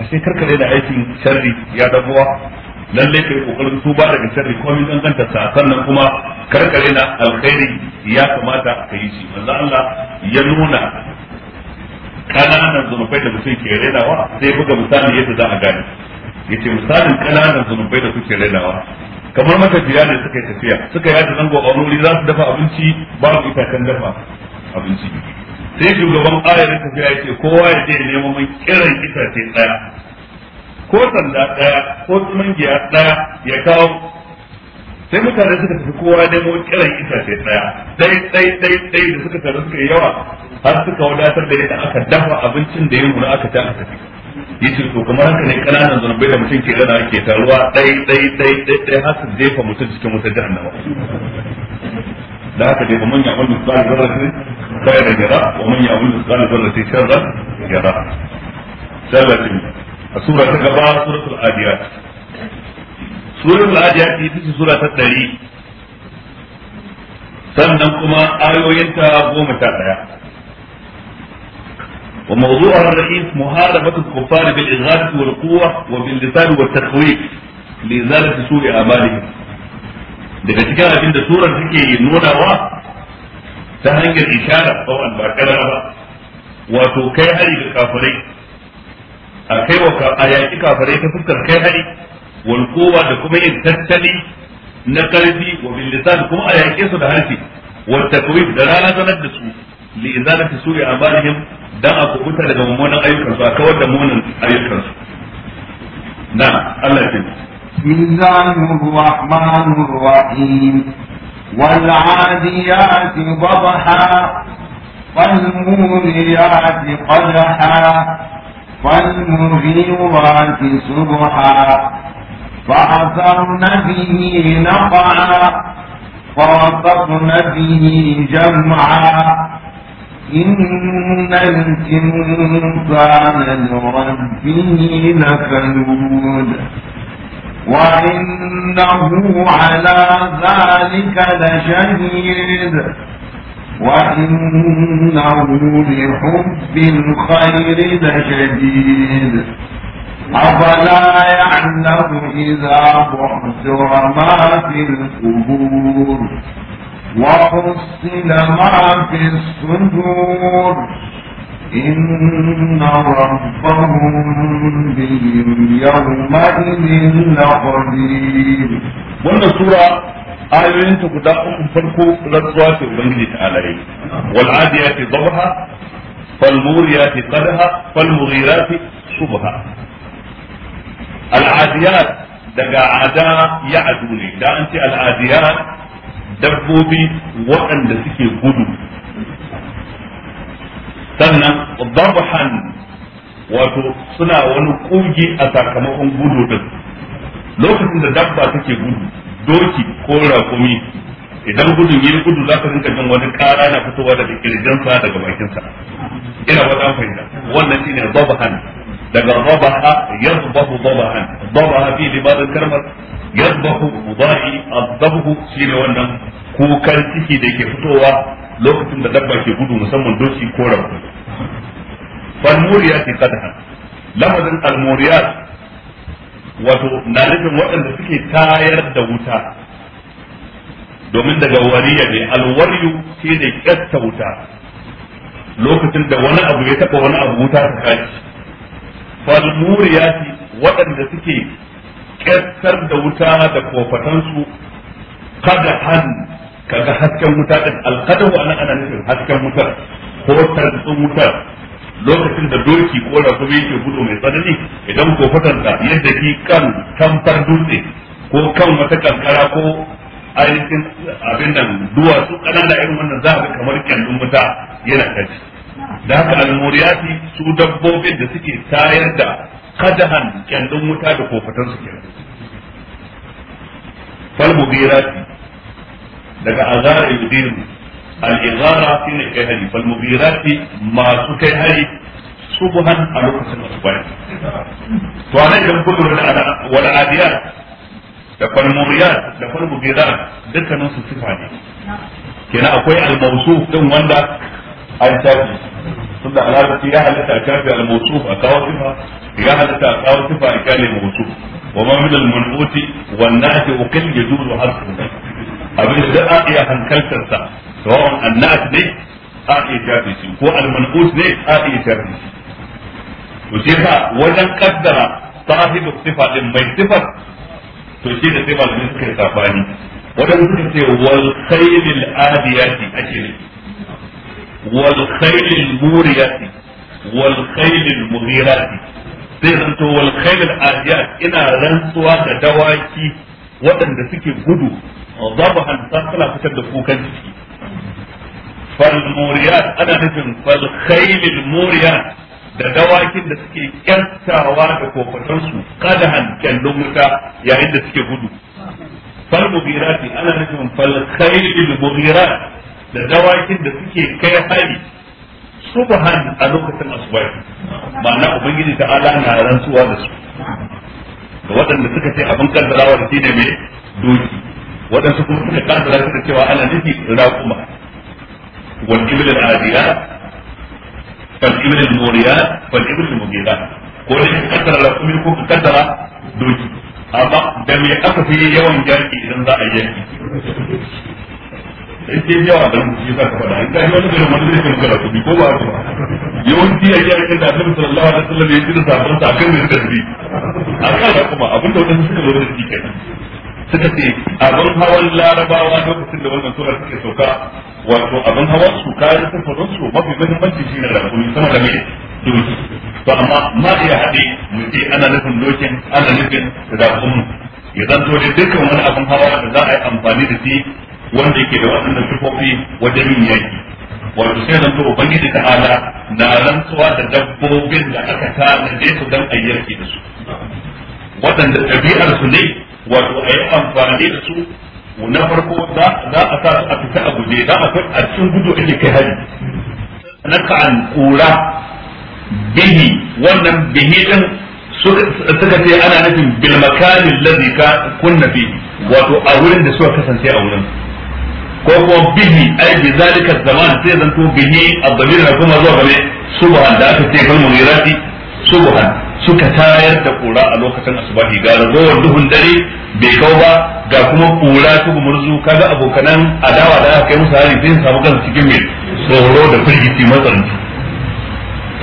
ashe kar ka aikin sharri ya dabuwa lallai kai kokarin tuba daga sharri komai danganta sa sannan kuma karkare na alkhairi ya kamata ka yi shi manzo Allah ya nuna kananan zunubai da mutum ke rainawa sai buga misalin yadda za a Ya ce misalin kananan zunubai da kuke rainawa kamar matafiya ne suka yi tafiya suka yaji zango a wuri za su dafa abinci babu itacen dafa abinci sai shugaban ayar tafiya ya ce kowa ya je neman mai kiran itace daya ko sanda daya ko tsumangiya daya ya kawo sai mutane suka tafi kowa nemo kiran itace daya dai dai dai dai da suka tafi suka yawa har suka wadatar da yadda aka dafa abincin da ya nuna aka ta aka tafi yace to kamar haka ne kananan zanubai da mutum ke gana ke taruwa dai dai dai dai dai har su jefa mutum cikin wutar jahannama da haka dai kuma ya wani tsari sai kai da jira wa man ya wani tsari zarrafi sharra jira sallatin a sura ta gaba suratul adiyat suratul adiyat ita ce sura ta ɗari sannan kuma ayoyinta goma sha ɗaya وموضوعها الرئيس محاربة الكفار بالإغاثة والقوة وباللسان والتخويف لإزالة سوء أعمالهم daga cikin abin da surar take nunawa ta hanyar ishara tsawon ba karara ba wato kai hari ga kafirai a kai a ta kai hari والقوة لكم تتلي نقلتي وباللسان كم على يكيس بهالتي والتكويف دلالة ندسو لإزالة سوء أعمالهم دعا قبوتا لدمونا أيو كنسو أكوى دمونا أيو كنسو نعم الله يكيب بسم الله الرحمن الرحيم والعاديات ضبحا والموريات قدحا فالمغيرات سبحا فأثرن به نقعا فوسطن به جمعا إن الإنسان لربه لكنود وإنه على ذلك لشهيد وإنه لحب الخير لشديد أفلا يعلم إذا بعثر ما في القبور وحصل ما في الصدور إن ربهم بهم يومئذ لقدير قلنا سورة آية تقدم فرقوا لتوا في الرجل تعالى والعاديات ضبها فالموريات قدها فالمغيرات صبها al'adiyat daga ada ya adu ne da an ce al'adiyat dabbobi waɗanda suke gudu sannan dabhan wato suna wani kungi a sakamakon gudu din lokacin da dabba take gudu doki ko rakumi idan gudun yi gudu za ka rinka jin wani kara na fitowa daga kirjinsa daga bakinsa ina wata fahimta wannan shine dabhan daga rabaha yadbahu dabahan dabaha fi libadin kalmar yadbahu mudari adabhu shine wannan kukan ciki da ke fitowa lokacin da dabba ke gudu musamman doki ko rabu falmuriyati qadhan wato na nufin waɗanda suke tayar da wuta domin daga wariya ne alwariyu sai da kyasta wuta lokacin da wani abu ya taɓa wani abu wuta ta kashi falmuriyati waɗanda suke ƙyartar da wuta da kofatansu kada han kaga hasken wuta din alkadahu anan ana nufin hasken wutar ko tartsin wutar lokacin da doki ko kuma yake gudu mai tsanani idan kofatan ka yadda ki kan tamfar dutse ko kan wata kankara ko ainihin abin nan duwatsu kanana irin wannan za a kamar kyandun wuta yana kaji da haka al-muriyati su dabbobin da suke tayar da kadahan kyandun wuta da kofatan su kenan fal mubirati daga azara yudir al-izara shine kai hari fal mubirati masu kai hari subhan a lokacin asubai to anan da kullu wal adiyat da fal muriyat da fal mubirat dukkanin su sifa ne kenan akwai al-mawsuf din wanda an shafi tunda alalati ya halitta a shafi al-mawsuf a kawo tufa. ya halitta a kawo tufa a kyale mawsuf wa ma min al-munquti wan na'ti uqil yajuzu harfu abin da a iya hankaltar sa sawa'un an-na'at ne a iya shafi shi ko al-munqut ne a iya shafi shi to shi ka wajen kaddara sahibu sifa din mai sifar to shi da sifa din suka safani wadanda suka ce wal khayril adiyati ake nufi wal khaylil muriyati wal khaylil mughirati sai zanto wal khaylil adiyat ina rantsuwa da dawaki waɗanda suke gudu zabahan sakala fitar da kukan ciki fal ana nufin fal khaylil da dawakin da suke kyantawa da kofatansu kada kyallon wuta yayin da suke gudu fal ana nufin fal khairil da dawakin da suke kai hari subhan a lokacin asubahi ma'ana ubangiji ta ala na rantsuwa da su da waɗanda suka ce abin kaddarawa da shi ne mai doki waɗansu kuma suka kaddara suka cewa ana nufi raƙuma wal ibil al adiya fal ibil al muriya fal ibil al mugira ko ne ka kaddara raƙumi ko ka kaddara doki amma da me aka fi yawan jaki idan za a yanki in dai yawa dan shi za ka faɗa in ka wani garin wani zai kalli karatu bi ko ba ba yawanci a yayin da Annabi sallallahu alaihi wasallam ya jira sabon sa kan da bi a kan kuma abinda wannan suka zo da shi kenan suka ce abin hawan larabawa lokacin da wannan sura take sauka wato abin hawan su kayan safarin su mafi muhimmanci shi ne rakumi sama da mai doki to amma ma iya haɗe mu ce ana nufin dokin ana nufin rakumin ya zanto da dukkan wani abin hawa da za a yi amfani da shi wanda yake da waɗannan sifofi wajen yin yaki wato sai zan to ubangiji ta ala na rantsuwa da dabbobin da aka tana da su dan ayyarki da su waɗanda ɗabi'ar su ne wato a yi amfani da su na farko za a sa a fita a guje za a a cikin gudu ake kai hari na ka'an kura bihi wannan bihi din suka ce ana nufin bilmakanin ladika kunna bihi wato a wurin da suka kasance a wurin ko kuma bihi ai bi zalika zaman sai zan to bihi abdamir na kuma zuwa game subhan da aka ce kalmar irati subhan suka tayar da kura a lokacin asubahi ga ragowar duhun dare bai kau ba ga kuma kura su murzu kaga abokanan adawa da aka kai musu hari sai samu kansu cikin mai tsoro da firgici matsanci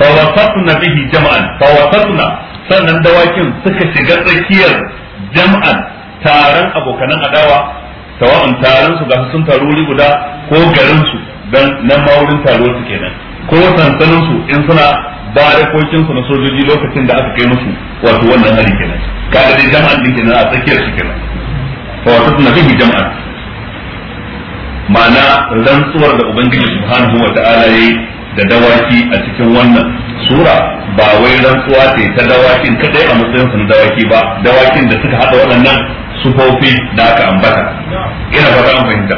fawasatna bihi jama'an fawasatna sannan dawakin suka shiga tsakiyar jama'an taron abokanan adawa sawa'un taron su ga sun taro wuri guda ko garin su dan nan ma wurin taro su kenan ko sansanin su in suna barikokin su na sojoji lokacin da aka kai musu wato wannan hari kenan da dai jama'an din kenan a tsakiyar su kenan fa wato suna bi jama'a ma'ana rantsuwar da ubangiji subhanahu wa ta'ala yayi da dawaki a cikin wannan sura ba wai rantsuwa ce ta dawakin kadai a matsayin su na dawaki ba dawakin da suka hada waɗannan sufofi da aka ambata ina fata an fahimta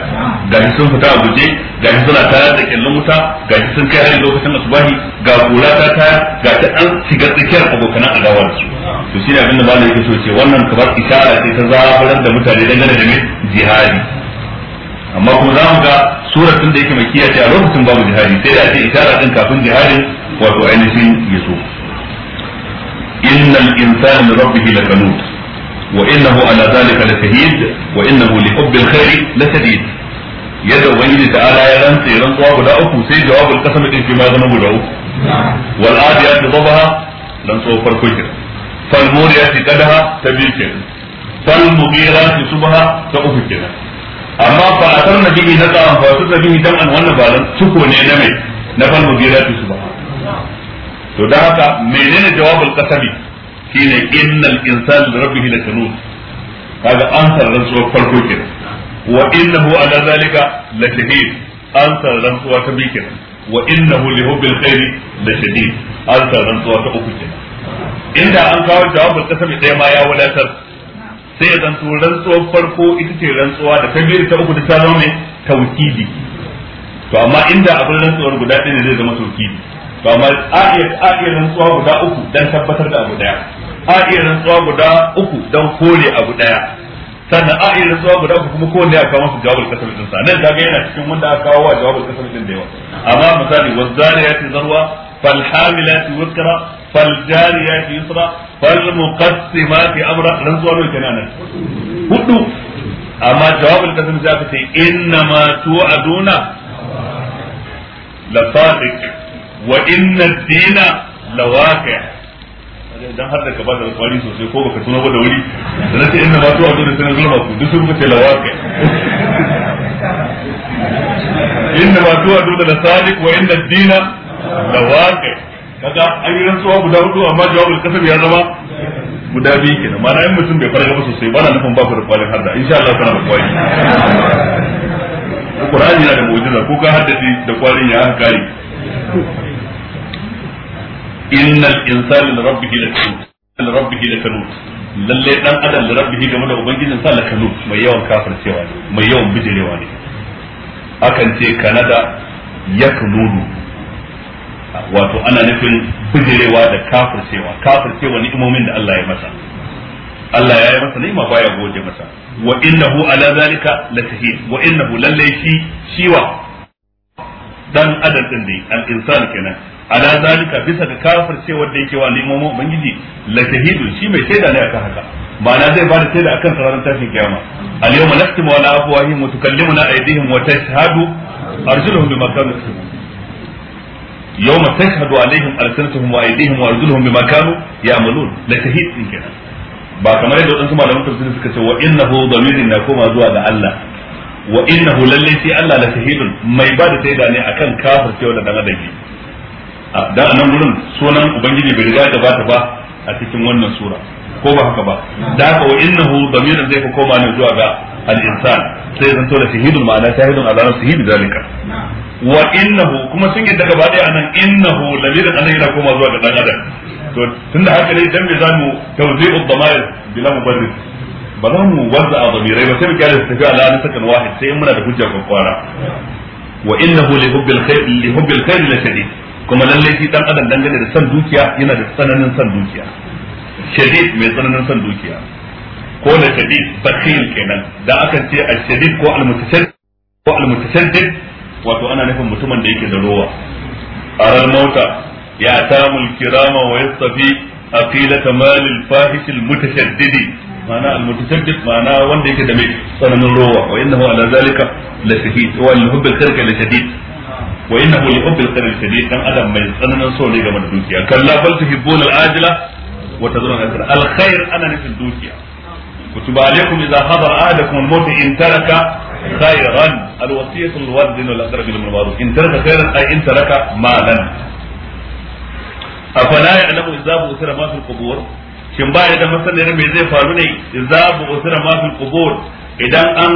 shi sun fita a guje shi suna tayar da kyallon wuta ga shi sun kai hari lokacin asubahi ga kula ta tayar ta an shiga tsakiyar abokan adawar da su to shine abin da malamai yake so ce wannan kamar isara ce ta zafarar da mutane dangane da mai jihadi amma kuma za mu ga suratun da yake mai kiyace a lokacin babu jihadi sai da ake isara din kafin jihadin wato ainihin yaso innal insana li rabbihi lakanut وإنه على ذلك لشهيد وإنه لحب الخير لشديد yadda ubangiji ta ala ya rantsa ya rantsuwa guda uku sai jawabul kasam din shi ma ya zama guda uku wal adiyat dhabaha rantsuwa farko kenan fal muriyat qadaha ta biyu kenan fal mughirat subha ta uku kenan amma fa atar nabi na ka fa su da bihi dan an wannan balan tuko ne na mai na fal mughirat subha to da haka menene jawabul kasami shine innal da rabbi rabbih lakanun kaga an sarran suwa farko kenan wa innahu ala zalika latahid an sarran suwa ta bikin, kenan wa innahu li hubbil khairi lashadid an sarran suwa ta uku kenan inda an kawo jawabul kasami ɗaya ma ya wadatar sai ya zanto rantsuwar farko ita ce rantsuwa da ta biyu ta uku da ta zama mai taukidi to amma inda abin rantsuwar guda ɗaya ne zai zama taukidi to amma a iya rantsuwa guda uku dan tabbatar da abu daya a iya rantsuwa guda uku don kore abu daya sannan a iya rantsuwa guda uku kuma kowanne ya kawo masa jawabul kasar din sa nan kaga yana cikin wanda aka kawo wa jawabul kasar din da yawa amma misali wazariyati zarwa fal hamilati wikra fal jariyati yusra fal muqassimati amra rantsuwa ne kenan hudu amma jawabul kasar sai aka ce inna ma tu'aduna la sadiq wa inna ad-dina lawaqi' dan har da ka bada kwari sosai ko baka tuno ba da wuri da nace inna ba tuwa da sanin zulma ku duk sun fice lawaka inna ba tuwa da sadiq wa inna ad-dina lawaka kaga ayyuran suwa guda hudu amma jawabul kasab ya zama guda biyu kenan ma'ana in mutum bai farga ba sosai ba na nufin ba ku da kwarin har da insha Allah kana da kwari Qur'ani yana da mu'jiza ko ka haddace da kwarin ya haka kare innal insana li rabbih la rabbih la dan adam li rabbih game da ubangijin sa la kanut mai yawan kafircewa ne mai yawan bijirewa ne akan ce kanada yaknudu wato ana nufin bijirewa da kafircewa kafircewa ni'imomin da Allah ya masa Allah ya yi masa ni'ima baya goje masa wa innahu ala zalika latahid wa innahu lalle shi shiwa dan adam kenan ala zalika bisa ga kafir ce wanda yake wa limomin ubangiji la shahidu shi mai shaida ne akan haka ma'ana zai bada shaida akan ranar tashin kiyama al yawma naktimu ala afwahihim wa tukallimuna aydihim wa tashhadu arjuluhum bima kanu yawma tashhadu alaihim alsanatuhum wa aydihim wa arjuluhum bima kanu ya'malun la shahid din kenan ba kamar yadda wadansu malaman tafsiri suka ce wa innahu dhamirin na koma zuwa ga Allah wa innahu lallai sai Allah la shahidun mai bada shaida ne akan kafir ce wanda dan adam da a nan gurin sunan ubangiji bai riga gabata ba a cikin wannan sura ko ba haka ba da ka wa innahu damirin zai fi koma ne zuwa ga al-insan sai zan to da shahidul ma'ana shahidun ala nafsihi bidalika wa innahu kuma sun yadda gaba daya anan innahu lamirin anan yana koma zuwa ga dan adam to tunda haka ne dan me zamu tawzi'u dhamair bila mubarrid ba za mu wanda a zamirai ba sai mu da tafiya tafi ala na sakan wahid sai muna da hujja kwakwara wa innahu li hubbil khair li hubbil khair la shadid kuma lallai shi dan adam dangane da san dukiya yana da tsananin san dukiya shadid mai tsananin san dukiya ko da shadid bakhil kenan da aka ce al-shadid ko al-mutasaddid ko al-mutasaddid wato ana nufin mutumin da yake da rowa aral mauta ya tamul kirama wa yastafi aqilata malil fahish al-mutasaddidi ma'ana al-mutasaddid ma'ana wanda yake da mai tsananin rowa wa innahu ala zalika la shadid wa al-hubb al-kharika la shadid وانه لحب الخير الشديد كان ادم من سنن صور لي من الدوكيا كلا بل تحبون العاجله وتظنون الاخره الخير انا في الدوكيا كتب عليكم اذا حضر احدكم الموت ان ترك خيرا الوصيه الوالد والاقرب بالمعروف ان ترك خيرا اي ان ترك مالا افلا يعلم اذا بؤثر ما في القبور shin ba idan masana ne mai zai faru ne za bu usra ma fil qubur idan an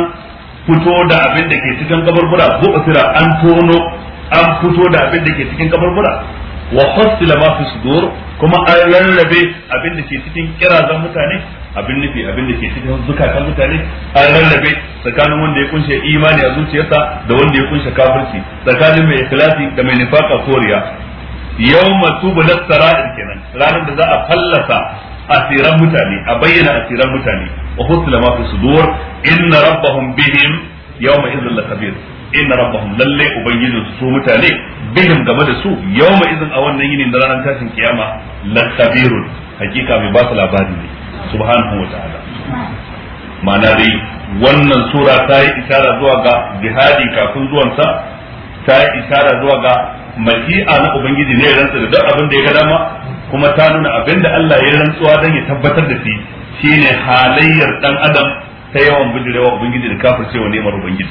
fito abin da ke cikin kaburbura bu usra an tono an fito da abin da ke cikin kaburbura wa hustila ma fi sudur kuma an rarrabe abin da ke cikin kirazan mutane abin nufi abin da ke cikin zukatan mutane an rarrabe tsakanin wanda ya kunshe imani a zuciyarsa da wanda ya kunshe kafirci tsakanin mai ikhlasi da mai nifaka koriya yawma tubulat sara'ir kenan ranar da za a fallasa asiran mutane a bayyana asiran mutane wa hustila ma fi sudur inna rabbahum bihim yawma idhil lakabir inna rabbahum lalle ubangijin su mutane bihim game da su yawma izin a wannan yini na ranar tashin kiyama la khabirun hakika mai ba su labari ne subhanahu wa ta'ala ma'ana dai wannan sura ta yi isara zuwa ga jihadi kafin zuwansa ta yi isara zuwa ga masi'a na ubangiji ne rantsa da duk abin da ya ga dama kuma ta nuna abin da Allah ya rantsuwa dan ya tabbatar da shi shine halayyar dan adam ta yawan bijirewa ubangiji da kafircewa neman ubangiji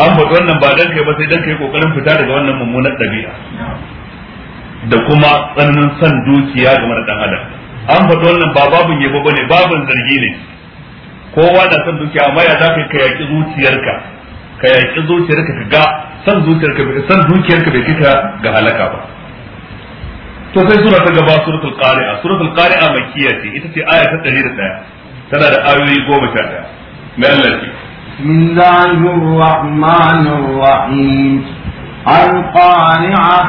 an faɗi wannan ba dan kai ba sai dan kai kokarin fita daga wannan mummunan ɗabi'a da kuma tsananin san dukiya ga mara dan adam an faɗi wannan ba babun yabo bane babun zargi ne kowa na san dukiya amma ya za ka yaki zuciyarka ka yaki zuciyarka ka ga san zuciyarka san dukiyarka bai kika ga halaka ba to sai sura ta gaba suratul qari'a suratul qari'a makkiya ce ita ce aya ta 101 tana da ayoyi 11 mai Allah ce بسم الله الرحمن الرحيم القارعة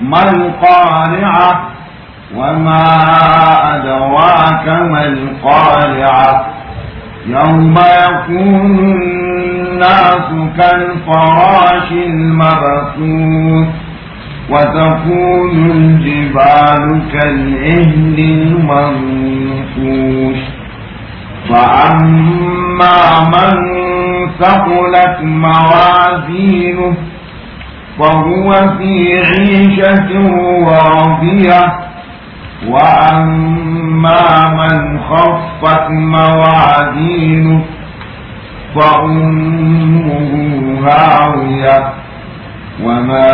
ما القارعة وما أدراك ما القارعة يوم يكون الناس كالفراش المبثوث وتكون الجبال كالإهل المنفوش فأما من ثقلت موازينه فهو في عيشة راضية وأما من خفت موازينه فأمه هاوية وما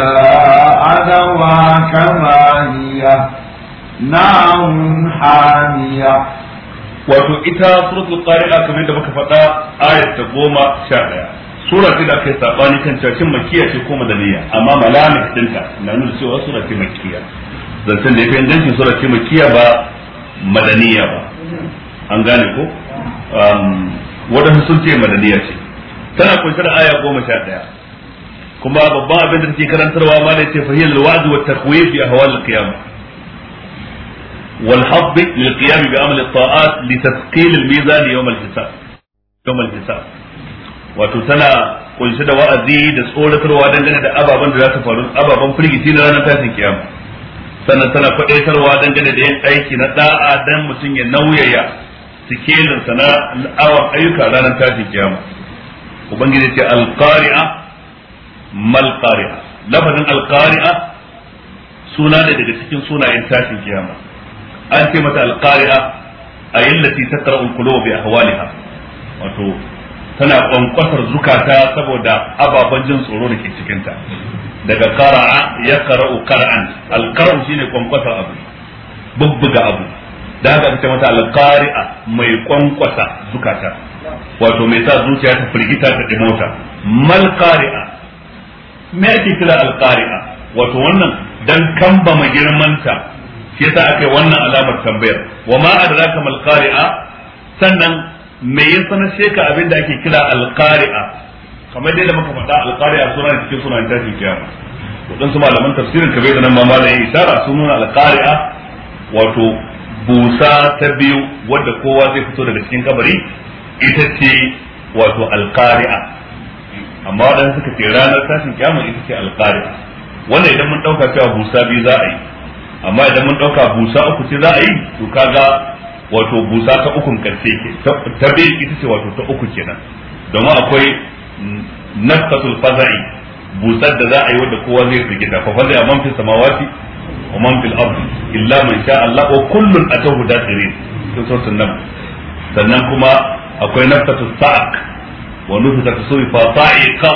أدواك ما هي نار حامية wato ita suratul qari'a kamar da muka faɗa ayat ta goma sha ɗaya sura ce da aka yi sabani kan cacin makiya ce ko madaniya amma malamik dinta na nuna cewa sura ce makiya zancen da ya fi inganci sura ce makiya ba madaniya ba an gane ko waɗansu sun ce madaniya ce tana kunshe da aya goma sha ɗaya kuma babban abin da take karantarwa ma ne ce fahiyar wa'azi wa takwif ya hawa al-qiyamah والحظ للقيام بعمل الطاعات لتثقيل الميزان يوم الحساب يوم الحساب وتتنا kunshi da wa'azi da tsoratarwa dangane da ababen da za su faru ababen firgici na ranar tashin kiyama sannan tana kwadaitarwa dangane da yin aiki na da'a dan mutum ya nauyaya sikelin sa na awon ranar tashin kiyama ubangiji ce alqari'a mal qari'a lafazin alqari'a suna ne daga cikin sunayen tashin kiyama an ce mata alqari'a ayillati tatra'ul qulub bi ahwaliha wato tana kwankwasar zukata saboda ababen jin tsoro da ke cikinta daga qara'a ya qara'u qara'an alqara'u shine kwankwasar abu bubbuga abu da haka ita mata alqari'a mai kwankwasa zukata wato mai sa zuciya ta firgita ta dimota mal qari'a me ake kira alqari'a wato wannan dan kambama girmanta shi yasa aka yi wannan alamar tambayar wa ma adraka mal qari'a sannan me ya sanar sheka abinda ake kira al qari'a kamar dai da muka faɗa al qari'a suna cikin sunan tashin kiyama waɗansu malaman tafsirin kabe da nan ma da yayi isara sun nuna al qari'a wato busa ta biyu wadda kowa zai fito daga cikin kabari ita ce wato al qari'a amma wadanda suka ce ranar tashin kiyama ita ce al qari'a wannan idan mun ɗauka cewa busa biyu za a yi amma idan mun dauka busa uku ce za a yi to kaga wato busa ta ukun karshe ta bi ita ce wato ta uku kenan domin akwai nafsatul faza'i busar da za a yi wanda kowa zai firgita fa a man fi samawati wa man fil ardi illa man sha Allah wa kullun atahu dakhirin to so sunan sannan kuma akwai nafsatul sa'q wa nufisa tasawfa sa'iqa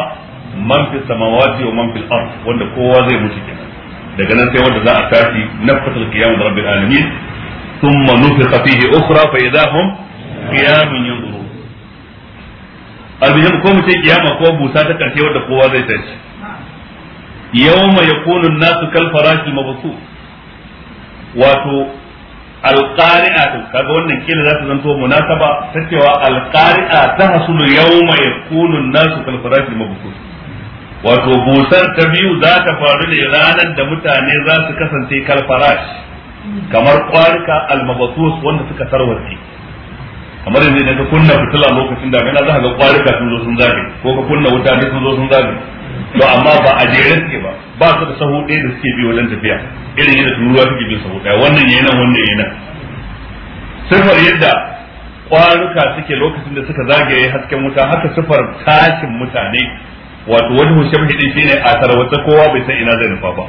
man fi samawati wa man fil ardi wanda kowa zai mutu kenan daga nan sai wanda za a tashi nafsatul qiyam da rabbil alamin thumma nufikha fihi ukhra fa idahum qiyamun yanzuru albihim ko mu ce kiyama ko busa ta karshe wanda kowa zai tashi yawma yakunu an-nasu kal farashil mabsut wato alqari'a din kaga wannan kila za ta zanto munasaba ta cewa alqari'a ta hasulu yawma yakunu an-nasu kal farashil mabsut wato busar ta biyu za ta faru ne ranar da mutane za su kasance kalfarash kamar kwarika almabasus wanda suka sarwarce kamar yanzu idan ka kunna fitila lokacin damina za ka ga kwarika sun zo sun zage ko ka kunna wuta ne sun zo sun zage to amma ba a jere suke ba ba su da sahu ɗaya da suke bi wajen tafiya irin yadda turuwa suke bi sahu ɗaya wannan yana nan wannan yana nan sifar yadda kwaruka suke lokacin da suka zagaye hasken wuta haka sifar tashin mutane wato wajhu shabhi din shine a tarwata kowa bai san ina zai nufa ba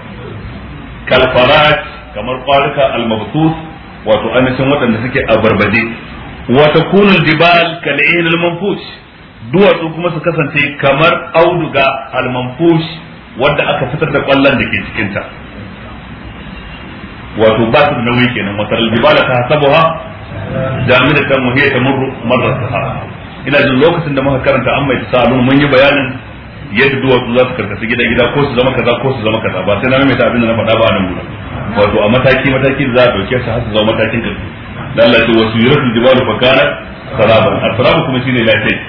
kalfarat kamar kwaruka almabsus wato anashin waɗanda suke a barbade wa takunu aljibal kal'in almanfush duwatsu kuma su kasance kamar auduga almanfush wadda aka fitar da kwallon da ke cikin ta wato ba su nauyi kenan wata aljibala ta hasabuha jami'atan muhiyatan marra ina jin lokacin da muka karanta an mai tsalun mun yi bayanin yadda duwatsu za su karkasu gida gida ko su zama kaza ko su zama kaza ba sai na maimaita abin da na faɗa ba a nan gudu wato a mataki mataki za a dauke su har su zama matakin karfi da Allah ce wasu yuratul jibalu fakana saraban asrabu kuma shine lafiya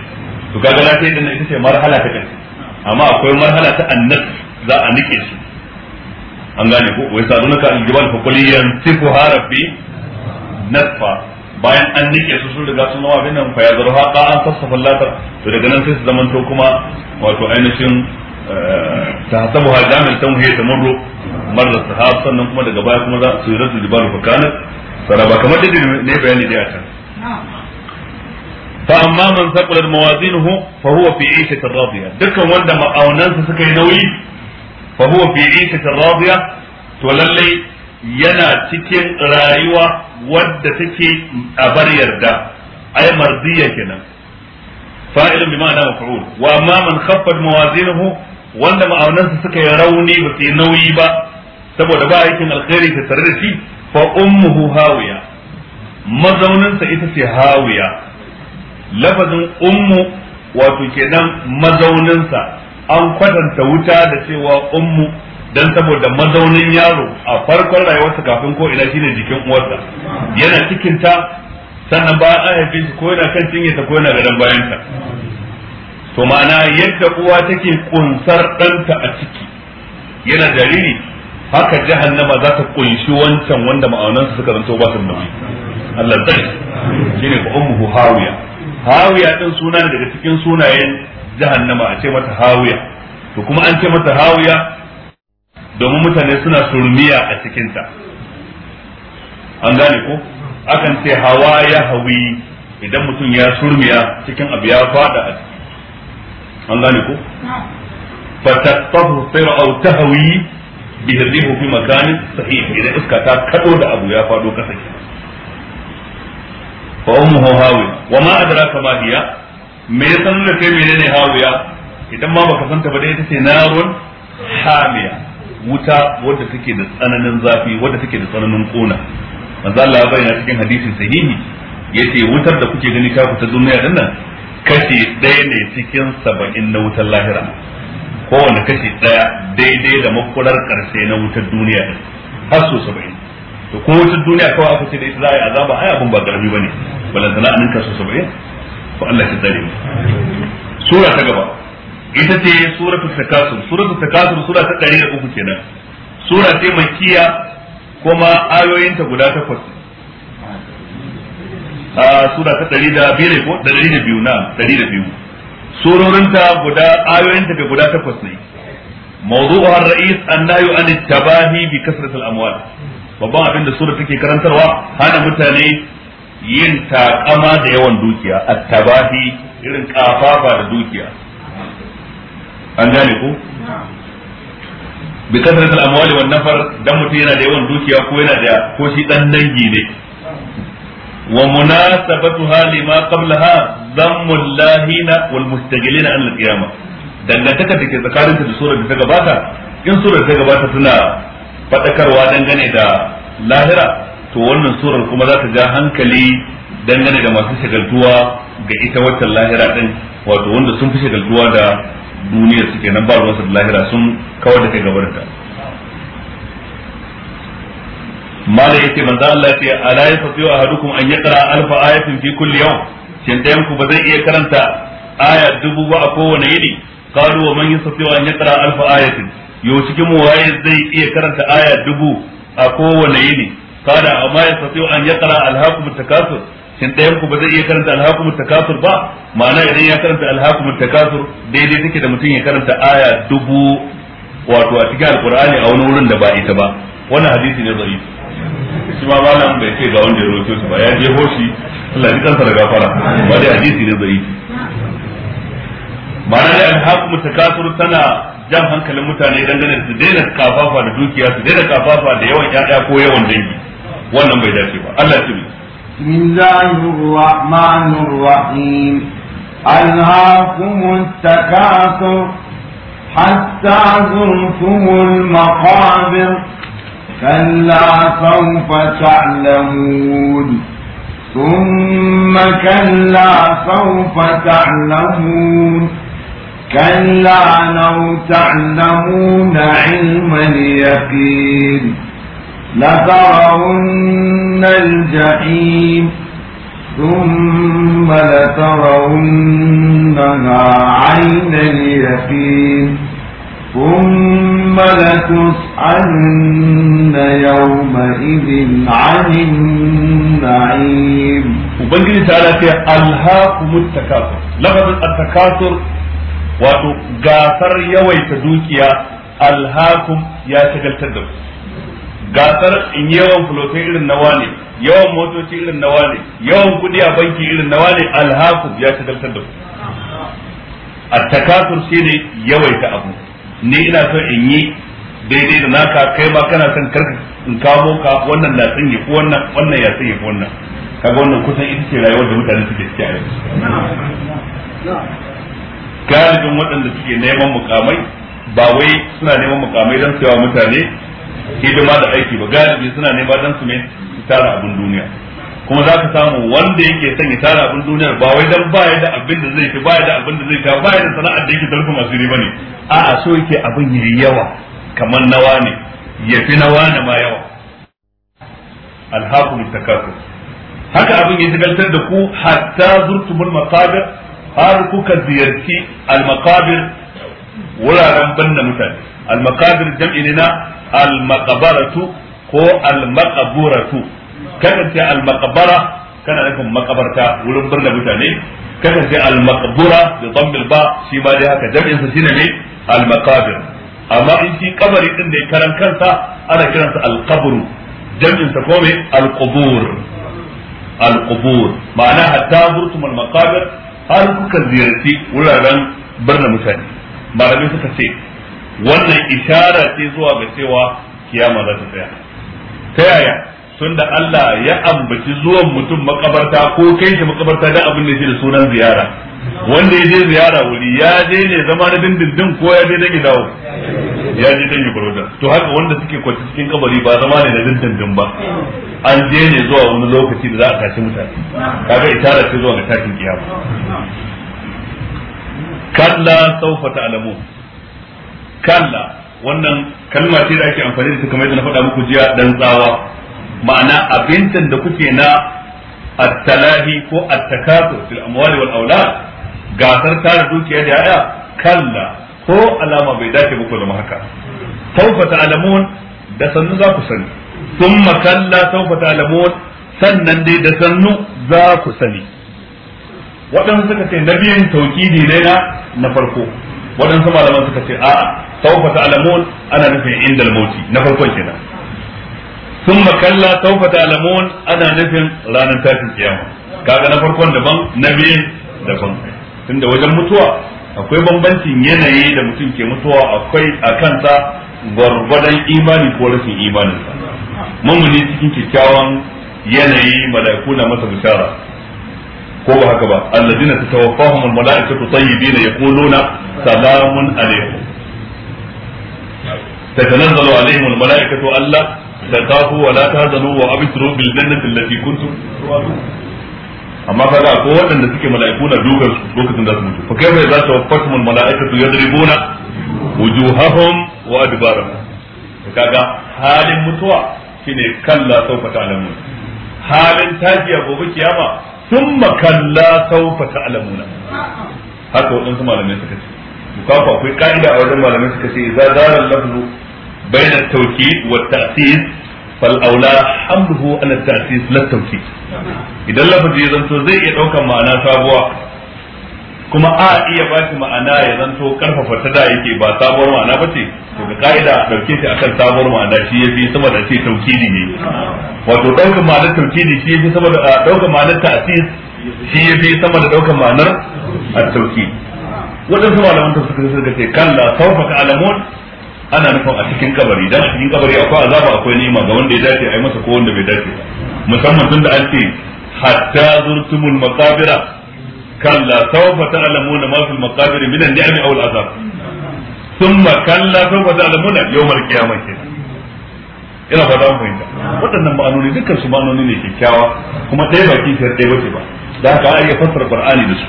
to kaga lafiya din ita ce marhala ta karfi amma akwai marhala ta annas za a nike su an gane ko wai sadunaka aljibal fa kulliyan tifu harabbi nasfa bayan an nike su sun riga sun zama binan fa ya zarha ka an sassafa latar to daga nan sai su zaman to kuma wato ainihin ta tahsabu ha jamil tamhiya tamurru marra sahab sannan kuma daga baya kuma za su radu jibalu fa kanat saraba kamar da ne bayani da ta fa amma man saqulat mawazinuhu fa huwa fi 'ishatin radiya dukkan wanda ma'aunansa suka yi nauyi fa huwa fi 'ishatin radiya to lallai yana cikin rayuwa wadda take a bar yarda ay mardiya kenan fa'il bi ma'ana maf'ul wa amma man khaffat mawazinuhu wanda ma'aunansa suka yi rauni ba su yi nauyi ba saboda ba aikin alkhairi ta tare da shi fa ummuhu hawiya mazauninsa ita ce hawiya lafazin ummu wato kenan mazauninsa an kwatanta wuta da cewa ummu dan saboda mazaunin yaro a farkon rayuwarsa kafin ko ina shine jikin uwarsa yana cikin ta sannan ba an haife shi ko yana kan cinyarsa ko yana gadon bayan ta to ma'ana yadda uwa take kunsar danta a ciki yana jariri haka jahannama za ta kunshi wancan wanda ma'aunansa suka zanto ba su nauyi Allah tsari shine fa ummuhu hawiya hawiya din suna daga cikin sunayen jahannama a ce mata hawiya to kuma an ce mata hawiya domin mutane suna surmiya a cikinta an gane ko akan ce hawa ya hawi idan mutum ya surmiya cikin abu ya fada a ciki an gane ko fatattahu sayru aw tahwi bi hirrihu fi makanin sahih idan iska ta kado da abu ya fado kasa ke fa ummuhu hawi wa ma adraka ma hiya me san da kai menene hawiya idan ma baka santa ba dai ta ce narun hamiya wuta wadda take da tsananin zafi wadda take da tsananin kona manzo Allah ya bayyana cikin hadisi sahihi yace wutar da kuke gani ta fita duniya din nan kashi ɗaya ne cikin saba'in na wutar lahira kowane kashi ɗaya daidai da makurar ƙarshe na wutar duniya din har so saba'in to ko wutar duniya kawai aka ce da ita za a yi azaba ai abin ba garbi bane balantana anin so saba'in ko Allah ya tsare mu sura ta gaba ita ce suratul takasur suratul takasur sura ta 103 kenan sura ce makkiya kuma ayoyin ta guda takwas a sura ta 102 ko 102 na 102 surorinta guda ayoyin ta guda takwas ne mawdu'uha ar-ra'is an-nahyu an nahyu an tabahi bi kasrat al-amwal babban abin da sura take karantarwa hana mutane yin takama da yawan dukiya at-tabahi irin kafafa da dukiya an gane ko bi kasar al'amwali wa nafar dan mutum yana da yawan dukiya ko yana da ko shi dan dangi ne wa munasabatuha lima qablaha dhammul lahina wal mustaghilina an al-qiyamah dangantaka da ke tsakaninta da surar da ta gabata in da ta gabata tana faɗakarwa dangane da lahira to wannan surar kuma za ta ja hankali dangane da masu shagaltuwa ga ita waccan lahira din wato wanda sun fi shagaltuwa da duniyar su nan ba ruwansu da lahira sun kawar da kai gabarinta mala yake manzo Allah ce ala yafsiu ahadukum an yaqra alfa ayatin fi kulli yawm shin dai ku ba zai iya karanta aya dubu ba a kowane yini qalu wa man yastati'u an yaqra alfa ayatin yau cikin mu waye zai iya karanta aya dubu a kowane yini kada amma yastati'u an yaqra alhaqu mutakasir shin ɗayan ku ba zai iya karanta alhakumut takasur ba ma'ana idan ya karanta alhakumut takasur daidai take da mutum ya karanta aya dubu wato a cikin alkur'ani a wani wurin da ba ita ba wannan hadisi ne zai shi ma ba nan bai ce ga wanda ya roƙe shi ba ya je hoshi Allah ya kansa da gafara ba dai hadisi ne zai ma'ana dai alhakumut takasur tana jan hankalin mutane dangane su daina kafafa da dukiya su daina kafafa da yawan ƴaƴa ko yawan dangi wannan bai dace ba Allah ya بسم الله الرحمن الرحيم ألهاكم التكاثر حتى زرتم المقابر كلا سوف تعلمون ثم كلا سوف تعلمون كلا لو تعلمون علم اليقين لترون الجحيم ثم لترونها عين اليقين ثم لتسألن يومئذ عن النعيم وبنجي رسالة ألهاكم التكاثر لفظ التكاثر wato gasar yawaita ألهاكم يا ya shagaltar gasar in yawan fulotai irin nawa ne yawan motoci irin nawa ne yawan kudi a banki irin nawa ne alhaku ya ci dalta da ku attakasur shine yawaita abu ni ina so in yi daidai da naka kai ma kana son karka in kawo ka wannan na sun yi wannan wannan ya sun yi wannan kaga wannan kusan ita ce rayuwar da mutane suke ciki a yanzu galibin waɗanda suke neman mukamai ba wai suna neman mukamai don su yawa mutane hidima da aiki ba galibi suna nema dan su ne tara abin duniya kuma za ka samu wanda yake son ya tara abin duniyar ba wai dan baya da abin da zai ci baya da abin da zai ta baya da sana'ar da yake tarfa masu riba ne a'a so yake abin ya yi yawa kamar nawa ne Ya fi nawa ne ma yawa alhaqu takasur haka abin ya zigantar da ku hatta zurtumul maqabir har kuka ziyarci al maqabir wuraren banna mutane al jam'i ne na al ko al-maqaburatu kada ce al kana nufin makabarta wurin birnin mutane kada ce al da dhammil ba shi ma dai haka jam'in sa shi ne al-maqabir amma in shi kabari din da karan kansa ana kiransa al-qabru jam'in sa kome al-qubur al ma'ana hatta zurtum al har kuka ziyarci wuraren birnin mutane malamai suka ce wannan ishara ce zuwa ga cewa kiyama za ta tsaya ta yaya tun da Allah ya ambaci zuwan mutum makabarta ko kai shi makabarta da abin da yake da sunan ziyara wanda ya je ziyara wuri ya je ne zama na dindindin ko ya je dan ya dawo ya je dan ya to haka wanda suke kwanci cikin kabari ba zama ne na dindindin ba an je ne zuwa wani lokaci da za a tashi mutane kaga isharar ce zuwa ga tashin kiyama kalla sawfa ta'lamu kalla wannan kalma ce da ake amfani da ta kamar yadda na faɗa muku jiya dan tsawa ma'ana abincin da kuke na attalahi ko attakasur fil amwali wal aulad gasar tara dukiya da yaya kalla ko alama bai dace ba ko zama haka sawfa ta'lamun da sannu za ku sani thumma kalla sawfa ta'lamun sannan dai da sannu za ku sani waɗansu suka ce na biyan tauƙidi ne na na farko waɗansu malaman suka ce a'a taufa sawfa ta'lamun ana nufin indal mauti na farkon kenan sun makalla ta ta'lamun ana nufin ranar tashin kiyama kaga na farkon daban na biyun daban tunda wajen mutuwa akwai bambancin yanayi da mutum ke mutuwa akwai a kansa gwargwadon imani ko rashin imanin imaninsa mamuni cikin kyakkyawan yanayi mala'iku na masa bishara ko ba haka ba alladina tatawaffahum almalaikatu tayyibin yaquluna salamun alaykum tatanazzalu alaihim almalaikatu alla takafu wa la tahzanu wa abshiru bil jannati allati kuntum amma kaga ko waɗanda suke mala'iku na dukan lokacin da su mutu fa kai bai za ta wafatum almalaikatu yadribuna wujuhahum wa adbarahum kaga halin mutuwa shine kalla sauka ta'lamun halin tafiya gobe kiyama sun makalla saufa ta'lamuna haka waɗansu malamai suka ce kafa akwai ka'ida a wajen malamai suka ce idza zara al-lafzu bayna at-tawkid wa at-ta'sis fal aula hamluhu ala at-ta'sis la at-tawkid idan lafzi ya zanto zai iya daukan ma'ana sabuwa kuma a iya ba shi ma'ana ya zanto karfafa ta da yake ba sabuwar ma'ana ba ce to ga ka'ida dauke shi akan sabuwar ma'ana shi ya fi sama da ce tauhidi ne wato daukar ma'anar tauhidi shi fi sama da daukar ma'anar ta'asir shi ya fi sama da daukar ma'anar a tauki wadansu malaman ta suka suka ce saufa sawfa alamun ana nufin a cikin kabari dan a cikin kabari akwai azaba akwai ni'ima ga wanda ya dace ai masa ko wanda bai dace musamman tunda an ce hatta zurtumul maqabira كلا سوف تعلمون ما في المقابر من النعم او العذاب ثم كلا سوف تعلمون يوم القيامه كده ina ba za mu fahimta waɗannan ma'anoni dukkan su ma'anoni ne kyakkyawa kuma ɗaya ba har ɗaya bace ba da haka a iya fassara qur'ani da su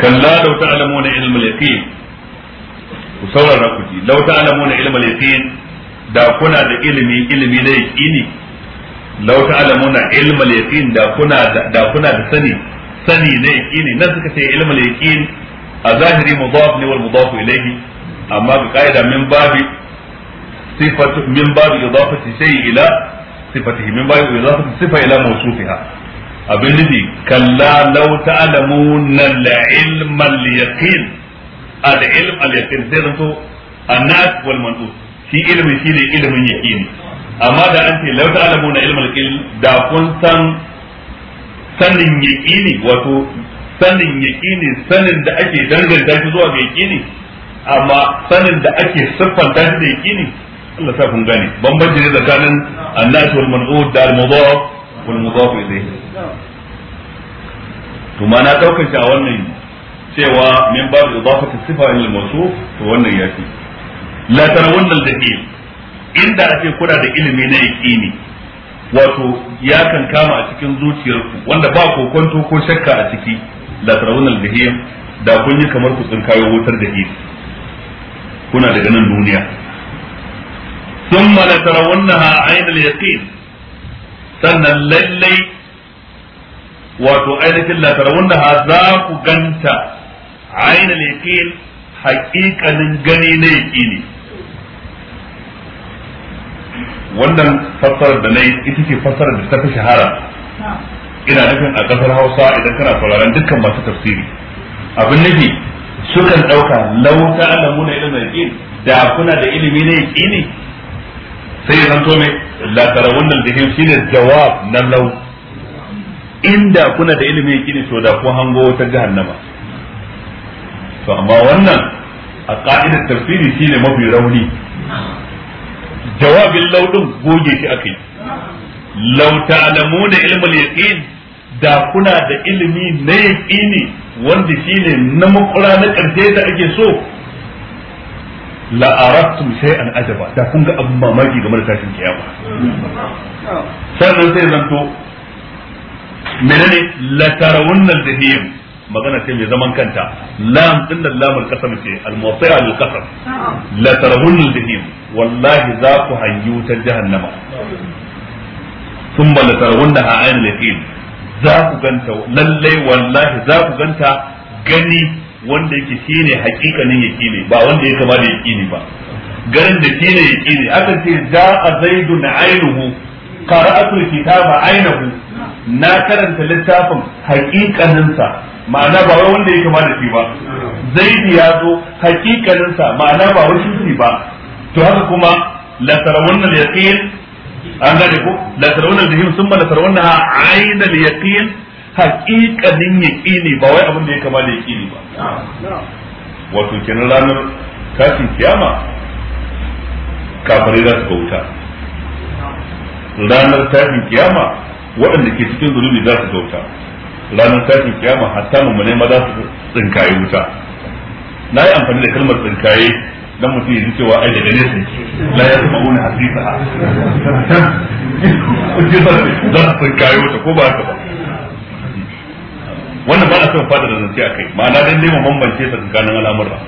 kalla law ta'lamuna ilm al-yaqin ku saurara ku ji law ta'lamuna ilm al-yaqin da kuna da ilimi ilimi na yaqini law ta'lamuna ilma al-yaqin da kuna da da sani sani ne yaqini nan suka ce ilma al-yaqin a zahiri mudaf ne wal mudaf ilayhi amma ga qaida min babi sifatu min babi idafati ila sifatihi min babi idafati sifa ila mawsufiha abin nufi kalla law ta'lamuna al-ilma al-yaqin wal shi ilmin shi ne ilmin amma da an ce lauta alamu na ilmal qil da kun san sanin yaqini wato sanin yaqini sanin da ake danganta shi zuwa ga yaqini amma sanin da ake siffanta shi da yaqini Allah sa kun gane bambanci ne tsakanin annas wal man'ud da al mudaf wal mudaf ilayhi to ma na daukar shi a wannan cewa min ba babu idafati sifa ila al mawsuf to wannan yafi la tarawunna dalil inda ake kuna da ilimi na yaqini wato ya kan kama a cikin zuciyarku wanda ba kokonto ko shakka a ciki la tarawunal jahim da kun yi kamar ku tsinkayo wutar da jahim kuna daga nan duniya thumma la tarawunnaha aynal yaqin sannan lallai wato ainihin la tarawunnaha za ku ganta aynal yaqin haƙiƙanin gani na ne. wannan fassarar da na yi ita ce fassarar da ta fi shahara ina nufin a kasar hausa idan kana sauraron dukkan masu tafsiri abin nufi sukan ɗauka lauta alamu na ilimin yaƙin da kuna da ilimi na yaƙini sai ya zanto mai latarawun wannan da shi ne jawab na lau inda kuna da ilimin yaƙini to da kun hango wata jahannama to amma wannan a ka'idar tafsiri shine mafi rauni jawabin laudin goge shi Lauta law da ilmal yaqin da kuna da ilimi na yaqini wanda shine na makura na karshe da ake so la arabtum shay'an ajaba da kun ga abin mamaki game da tashin kiyama sannan sai zanto menene la tarawunnal jahim magana ce mai zaman kanta lam din nan lamul qasam ce al muwati'a lil qasam la tarahun al jahim wallahi za ku hanyu ta jahannama thumma la tarawunnaha ayn al yaqin za ku ganta lallai wallahi za ku ganta gani wanda yake shine hakikanin yaqini ba wanda ya kama da yaqini ba garin da shine yaqini akan ce da'a zaidun ainuhu qara'atul kitaba ainahu na karanta littafin hakikaninsa ma'ana ba wai wanda ya kama da shi ba zaidi ya zo hakikanin ma'ana ba wai shi ba to haka kuma la tarawunna al-yaqin an gane ko la tarawunna al-jahim thumma la tarawunna ayna al-yaqin hakikanin yaqini ba wai abin da ya kama da yaqini ba wato kenan ranar kafin kiyama kafirai za su bauta ranar tashin kiyama waɗanda ke cikin zunubi za su bauta ranar tashin kiyama hatta mu ne maza su tsinkaye wuta na yi amfani da kalmar tsinkaye dan mutum ya ji cewa ai daga nesa la ya zama wani hasisa za su tsinkaye wuta ko ba haka ba wannan ba a son fada da zance a kai ma'ana dan neman bambance tsakanin al'amura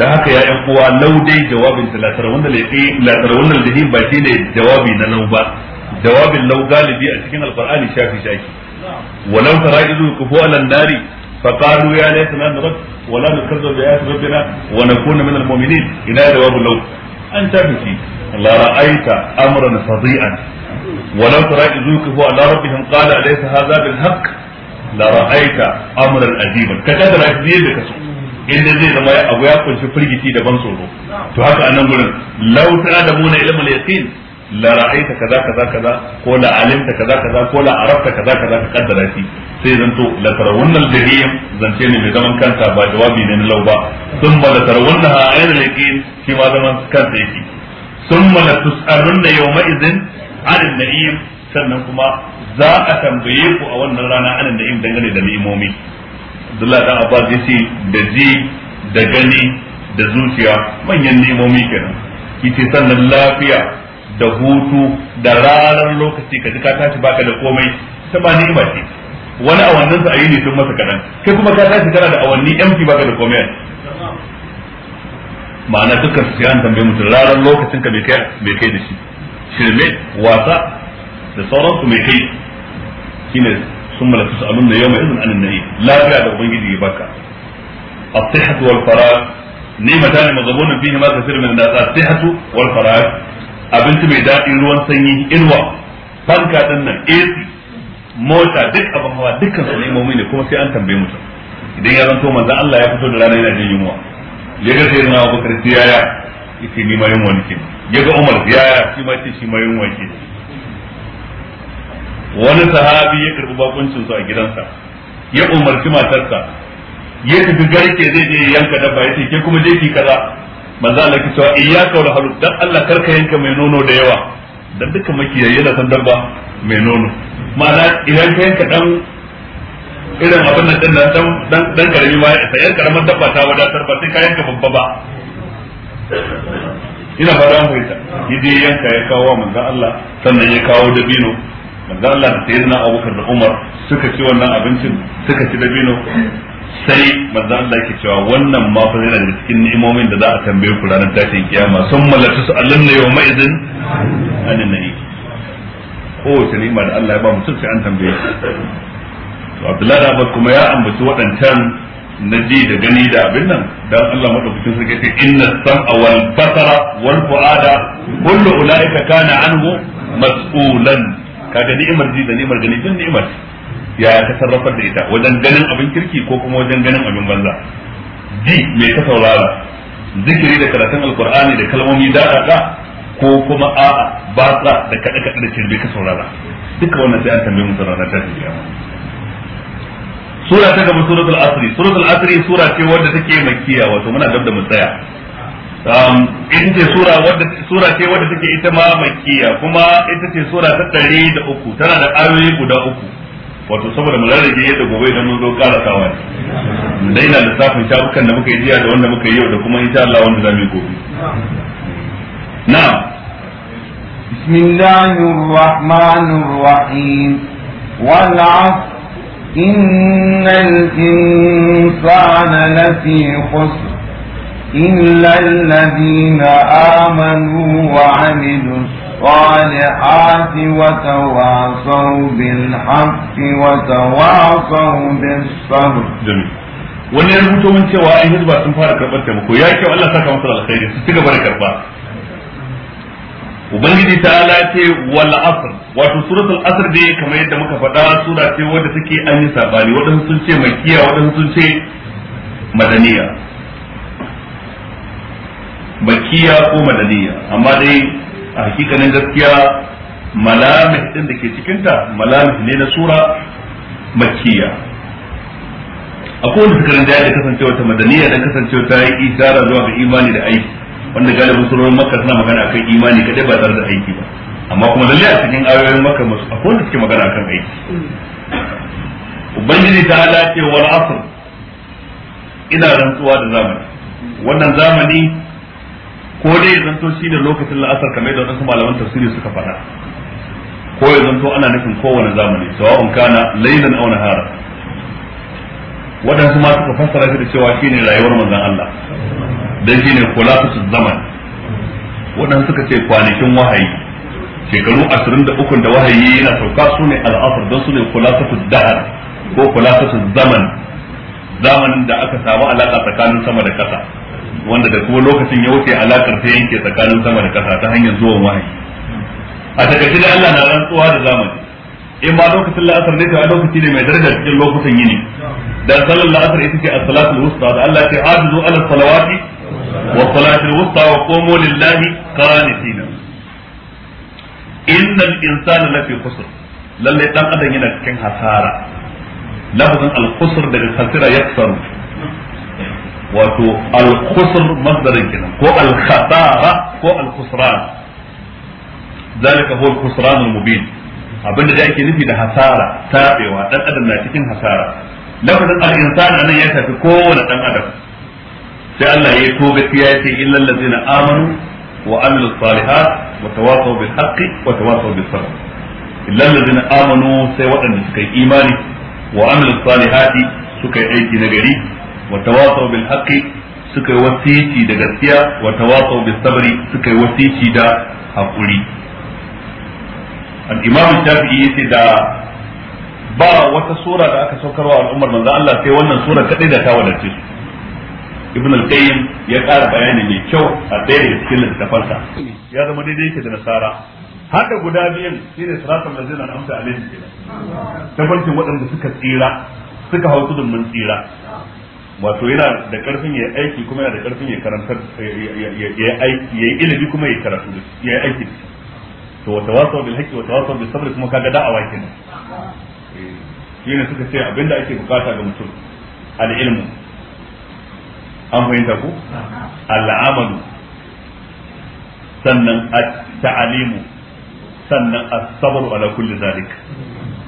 da haka ya yan uwa laudai jawabin ta wanda laifi eh, latar wannan jahim ba ne jawabi na lau ba jawabin lau galibi a cikin alfar'ani shafi shaki walau fara'idu kufu alan nari فقالوا يا ليتنا نرد ولا نكذب بآيات ربنا ونكون من المؤمنين إلى جواب اللوم أنت بكي لرأيت أمرا فظيعا ولو ترى إذ وقفوا على ربهم قال أليس هذا بالحق لرأيت أمرا عجيبا كتبت رأيت ذي inda zai zama abu ya kunshi firgici da ban tsoro to haka anan gurin law ta'lamuna ilmal yaqin la ra'aita kaza kaza kaza ko la alimta kaza kaza ko la arafta kaza kaza ka kaddara shi sai zan zanto la tarawunna al-jahim zance ne mai zaman kanta ba jawabi ne na lauba thumma la tarawunna ayna al-yaqin shi ma zaman kanta yake thumma la tus'alunna yawma idhin 'ala an-na'im sannan kuma za a tambaye ku a wannan rana anan na'im dangane da ni'imomi Abdullah dan Abbas yace da ji da gani da zuciya manyan ni'imomi kenan yace sannan lafiya da hutu da ranar lokaci ka ji ka tashi baka da komai ta ba ni'ima ce wani awannin sa ayi ne sun masa kadan kai kuma ka tashi kana da awanni empty baka da komai ma'ana dukkan su an tambaye mutum ranar lokacin ka bai kai bai da shi shirme wasa da sauran su mai kai shine sun malaka su alun da yau mai izin anin nahi lafiya da ubangiji ya baka as-sihhatu wal farag ni'matan mazmunan fihi ma kathir min an wal farag abinci mai daɗi ruwan sanyi inuwa banka ɗin nan AC mota duk abin hawa dukkan su nemomi ne kuma sai an tambaye mutum idan ya zanto manza Allah ya fito da rana yana jin yunwa ya ga sai na Abubakar siyaya yace ni ma yunwa nake ya ga Umar siyaya shi ma yace shi ma yunwa ke wani sahabi ya karbi bakuncin su a gidansa ya umarci matarsa ya tafi garke zai je yanka dabba yace ke kuma je ki kaza manzo Allah ke cewa iyyaka wal halub dan Allah karka yanka mai nono da yawa dan duka makiyayi yana san dabba mai nono ma'ana idan ka yanka dan irin abin nan dan dan dan karami ma ya yan karamar dabba ta wadatar ba sai ka yanka babba ba ina fara mu ita idan yanka ya kawo manzo Allah sannan ya kawo dabino manzo Allah da sayyidina Abubakar da Umar suka ci wannan abincin suka ci dabino sai manzon Allah yake cewa wannan ma fa yana daga cikin ni'imomin da za a tambaye ku ranar tashin kiyama sun malatu su allanna yawma idin anin nahi kowace ni'ima da Allah ya ba mutum sai an tambaye to Abdullahi da Abbas kuma ya ambaci waɗancan na ji da gani da abin nan dan Allah madaukakin sarki ce inna sam'a wal basara wal fu'ada kullu ulaika kana anhu mas'ulan kaga ni'imar ji da ni'imar gani din ni'imar ya ta sarrafar da ita wajen ganin abin kirki ko kuma wajen ganin abin banza ji mai ta saurara zikiri da karatun alkur'ani da kalmomi da ko kuma a'a ba da kaɗe kaɗe da kirbe ka saurara duka wannan sai an tambaye mu saurara ta jiya sura ta gaba suratul asri suratul asri sura ce wadda take makkiya wato muna gab da mu tsaya ita ce sura wadda sura ce wadda take ita ma makkiya kuma ita ce sura ta 103 tana da ayoyi guda uku wato saboda mu rarrabe yadda gobe idan mun zo karatawa ne dai na lissafin shafukan da muka yi jiya da wanda muka yi yau da kuma insha Allah wanda zamu yi gobe na'am bismillahir rahmanir rahim wal إن الإنسان لفي خسر إلا الذين آمنوا وعملوا الصالحات الصالحات وتواصوا بالحق وتواصوا بالصبر جميل wani ya rubuta mun cewa ai hizba sun fara karɓar taimako ya kyau Allah saka masa alkhairi su cigaba da karɓa ubangiji ta ala ce wal asr wato suratul asr dai kamar yadda muka faɗa sura ce wadda take an yi sabani wadansu sun ce makiya wadansu sun ce madaniya makiya ko madaniya amma dai a hakikanin gaskiya malamih din da ke cikinta malamih ne na sura makkiya akwai wanda suka rinda da kasancewa ta madaniya da kasancewa ta yi isara zuwa ga imani da aiki wanda galibin surorin makka suna magana akan imani kadai ba tare da aiki ba amma kuma lalle a cikin ayoyin makka masu akwai wanda suke magana akan aiki ubangiji ta ala ce wal asr ina rantsuwa da zamani wannan zamani ko dai zanto shi da lokacin la'asar kamar da wasu malaman tafsiri suka faɗa ko ya zanto ana nufin kowane zamani sawa'un kana lailan aw nahara wadansu ma suka fassara shi da cewa shine rayuwar manzon Allah dan shine khulasatul zaman wadansu suka ce kwanakin wahayi shekaru 23 da wahayi yana sauka sune al'asar dan sune khulasatul dahar ko khulasatul zaman zamanin da aka samu alaka tsakanin sama da kasa wanda da kuma lokacin ya wuce alakar ta yanke tsakanin sama da kasa ta hanyar zuwan wahayi a takaice da Allah na rantsuwa da zamani in ba lokacin la'asar ne ta lokaci ne mai daraja cikin lokutan yini dan sallar la'asar ita ce as-salatu wusta da Allah ce azu ala salawati wa salatu wusta wa qumu lillahi qanitin innal insana lafi khusr lalle dan adam yana cikin hasara lafazin al-khusr daga kasira yaksaru wato al-khusr masdarin kenan ko al-khasara ko al-khusran zalika huwa al-khusran al-mubin abinda da ake nufi da hasara tabewa dan adam na cikin hasara lafazin al-insan nan ya tafi kowane dan adam sai Allah ya to gaskiya ya ce illal amanu wa amilus salihat wa tawasaw bil haqqi wa tawasaw bis sabr illal ladzina amanu sai waɗanda suka yi imani wa amilus salihati suka yi aiki na gari wa tawasaw suka yi wasici da gaskiya wa tawasaw bis sabri suka yi da hakuri al-imam shafi'i yace da ba wata sura da aka saukarwa al'ummar manzo Allah sai wannan sura kadai da ta wadace su ibn al-qayyim ya ƙara bayani mai kyau a ɗaya daga cikin littafansa ya zama daidai yake da nasara har da guda biyan shine siratul ladzina an'amta alaihim Ta tabbacin waɗanda suka tsira suka hau tudun mun tsira wato yana da karfin ya aiki kuma yana da karfin ya karantar ya aiki ya ilimi kuma ya karatu ya aiki to wata tawasau bil haqqi wata tawasau bis sabr kuma kaga da'awa kenan eh, shine suka ce abinda ake bukata ga mutum al ilmu an fahimta ku al amalu sannan at ta'alimu sannan as sabr ala kulli zalik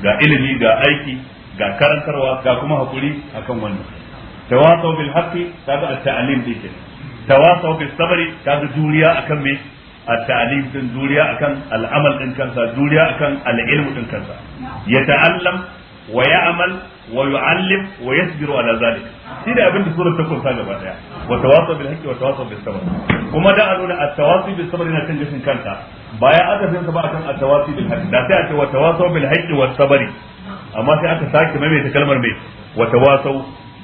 ga ilimi ga aiki ga karantarwa ga kuma hakuri akan wannan tawasaw bil haqqi kaga at-ta'lim din kenan tawasaw bis sabri kaga juriya akan me at-ta'lim din juriya akan al-amal din kansa juriya akan al-ilm din kansa yata'allam wa ya'mal wa yu'allim wa yasbiru ala zalika shi da abin da surar ta kunsa gaba daya wa tawasaw bil haqqi wa tawasaw bis sabr kuma da an nuna at-tawasaw bis sabr na kan gashin kanta ba ya aka san ba akan at-tawasaw bil haqqi da sai a ce wa tawasaw bil haqqi was sabri amma sai aka sake mai ta kalmar mai wa tawasaw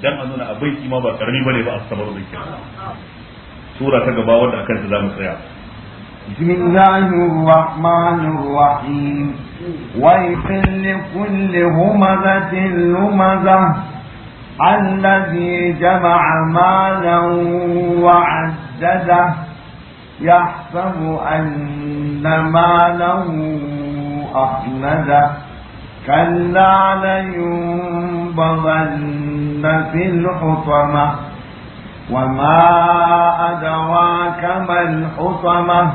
dan a nuna abin kima ba karami bane ba asabar zikir sura ta gaba wanda akan ta zamu tsaya bismillahir rahmanir rahim ويل لكل همزة لمزة الذي جمع مالا وعدده يحسب أن ماله أخلده كلا لينبغن في الحطمة وما أدراك ما الحطمة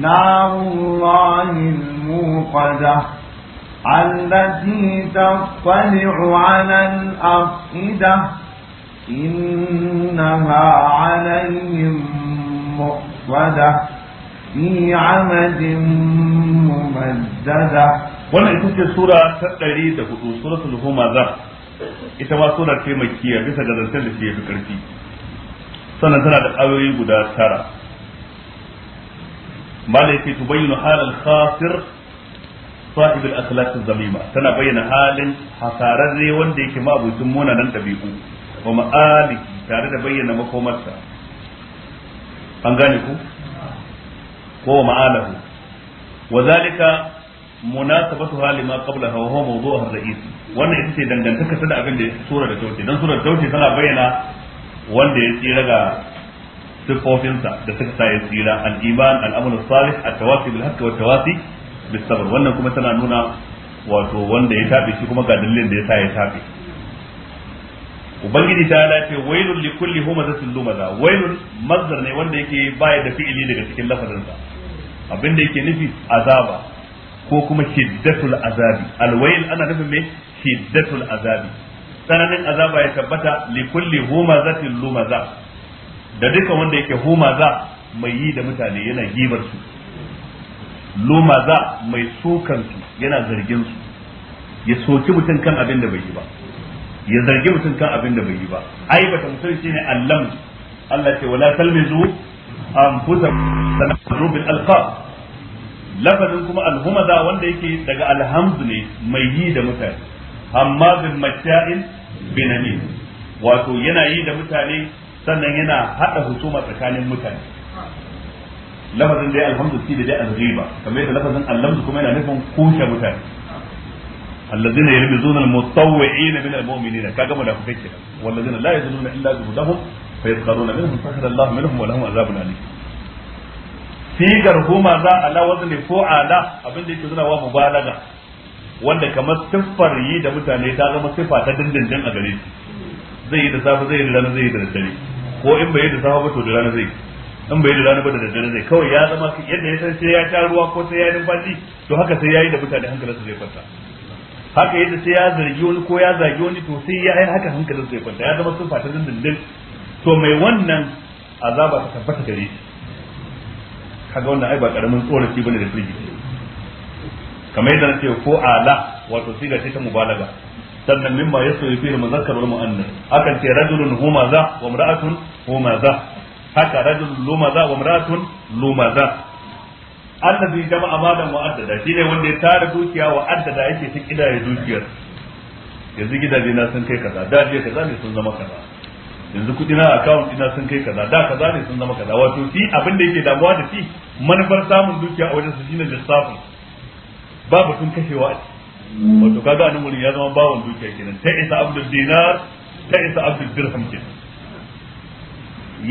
نار الله الموقدة التي تطلع على الأفئدة إنها عليهم مؤصدة في عمد ممددة wannan ita ce sura ta ɗari da hudu suratul maza ita ma sura ce bisa ga zancen da ke fi ƙarfi sannan tana da ayoyi guda tara mala yake bayyana halin khasir sahib al-akhlaq zamima tana bayyana halin hasararre wanda yake mabucin munanan dabi'u wa ma'aliki tare da bayyana makomarsa an gane ku ko ma'alahu wa zalika munasabatu halima qabla hawa huwa mawdu'u ar-ra'is wannan ita ce dangantaka ta da abin da surar da tauce dan surar tauce tana bayyana wanda ya tsira ga sifofinsa da suka sa ya tsira al-iman al-amal salih at tawafi bil haqq wa tawasi bis sabr wannan kuma tana nuna wato wanda ya tabe shi kuma ga dalilin da ya sa ya tabe ubangiji ta ce wailul li kulli humazatin lumaza wailul mazdar ne wanda yake baya da fi'ili daga cikin lafazinsa abin da yake nufi azaba ko kuma shiddatul azabi alwayl ana nufin me shiddatul azabi tsananin azaba ya tabbata li kulli humazatin lumaza da duka wanda yake humaza mai yi da mutane yana gibar su lumaza mai sukan su yana zargin su ya soki mutum kan abin da bai yi ba ya zargi mutum kan abin da bai yi ba ai bata mutum shine allam Allah ce wala talmizu anfusakum sanadru bil alqab lafazin kuma alhumaza wanda yake daga alhamdu ne mai yi da mutane amma bin matta'in binani wato yana yi da mutane sannan yana hada husuma tsakanin mutane lafazin dai alhamdu shi da dai alghiba kamar yadda lafazin alhamdu kuma yana nufin kushe mutane الذين يلمزون المتطوعين من المؤمنين كما لا فكر والذين لا يزنون الا جهودهم فيسخرون منهم سخر الله منهم ولهم عذاب اليم sigar huma za ala ko ala abinda yake zuna wa mubalaga wanda kamar siffar yi da mutane ta zama siffa ta dindindin a gare su zai yi da safe zai yi da rana zai yi da daddare ko in bai yi da safe ba to da rana zai in bai yi da rana ba da daddare zai kawai ya zama yadda ya san sai ya sha ruwa ko sai ya numfashi to haka sai ya yi da mutane hankalinsu zai kwanta haka yadda sai ya zargi wani ko ya zagi wani to sai ya yi haka hankalinsu zai kwanta ya zama siffa ta dindindin to mai wannan azaba ta tabbata gare shi kaga wannan ai ba karamin tsoraci bane da firgici kamar yadda nace ko ala wato siga ce ta mubalaga sannan mimma yasu fi muzakkar wal muannas akan ce rajulun huma za wa imra'atun huma za haka rajulun luma za wa imra'atun luma za allazi jama'a malan wa addada shine wanda ya tara dukiya wa addada yake ta kidaya dukiyar yanzu gidaje na sun kai kaza da je kaza ne sun zama kaza yanzu kudi na account ina sun kai kaza da kaza ne sun zama kaza wato shi abin da yake damuwa da shi manufar samun dukiya a wajen su shine lissafi ba batun kashewa a wato kaga anan wurin ya zama bawon dukiya kenan ta isa abdul dinar ta isa abdul dirham kenan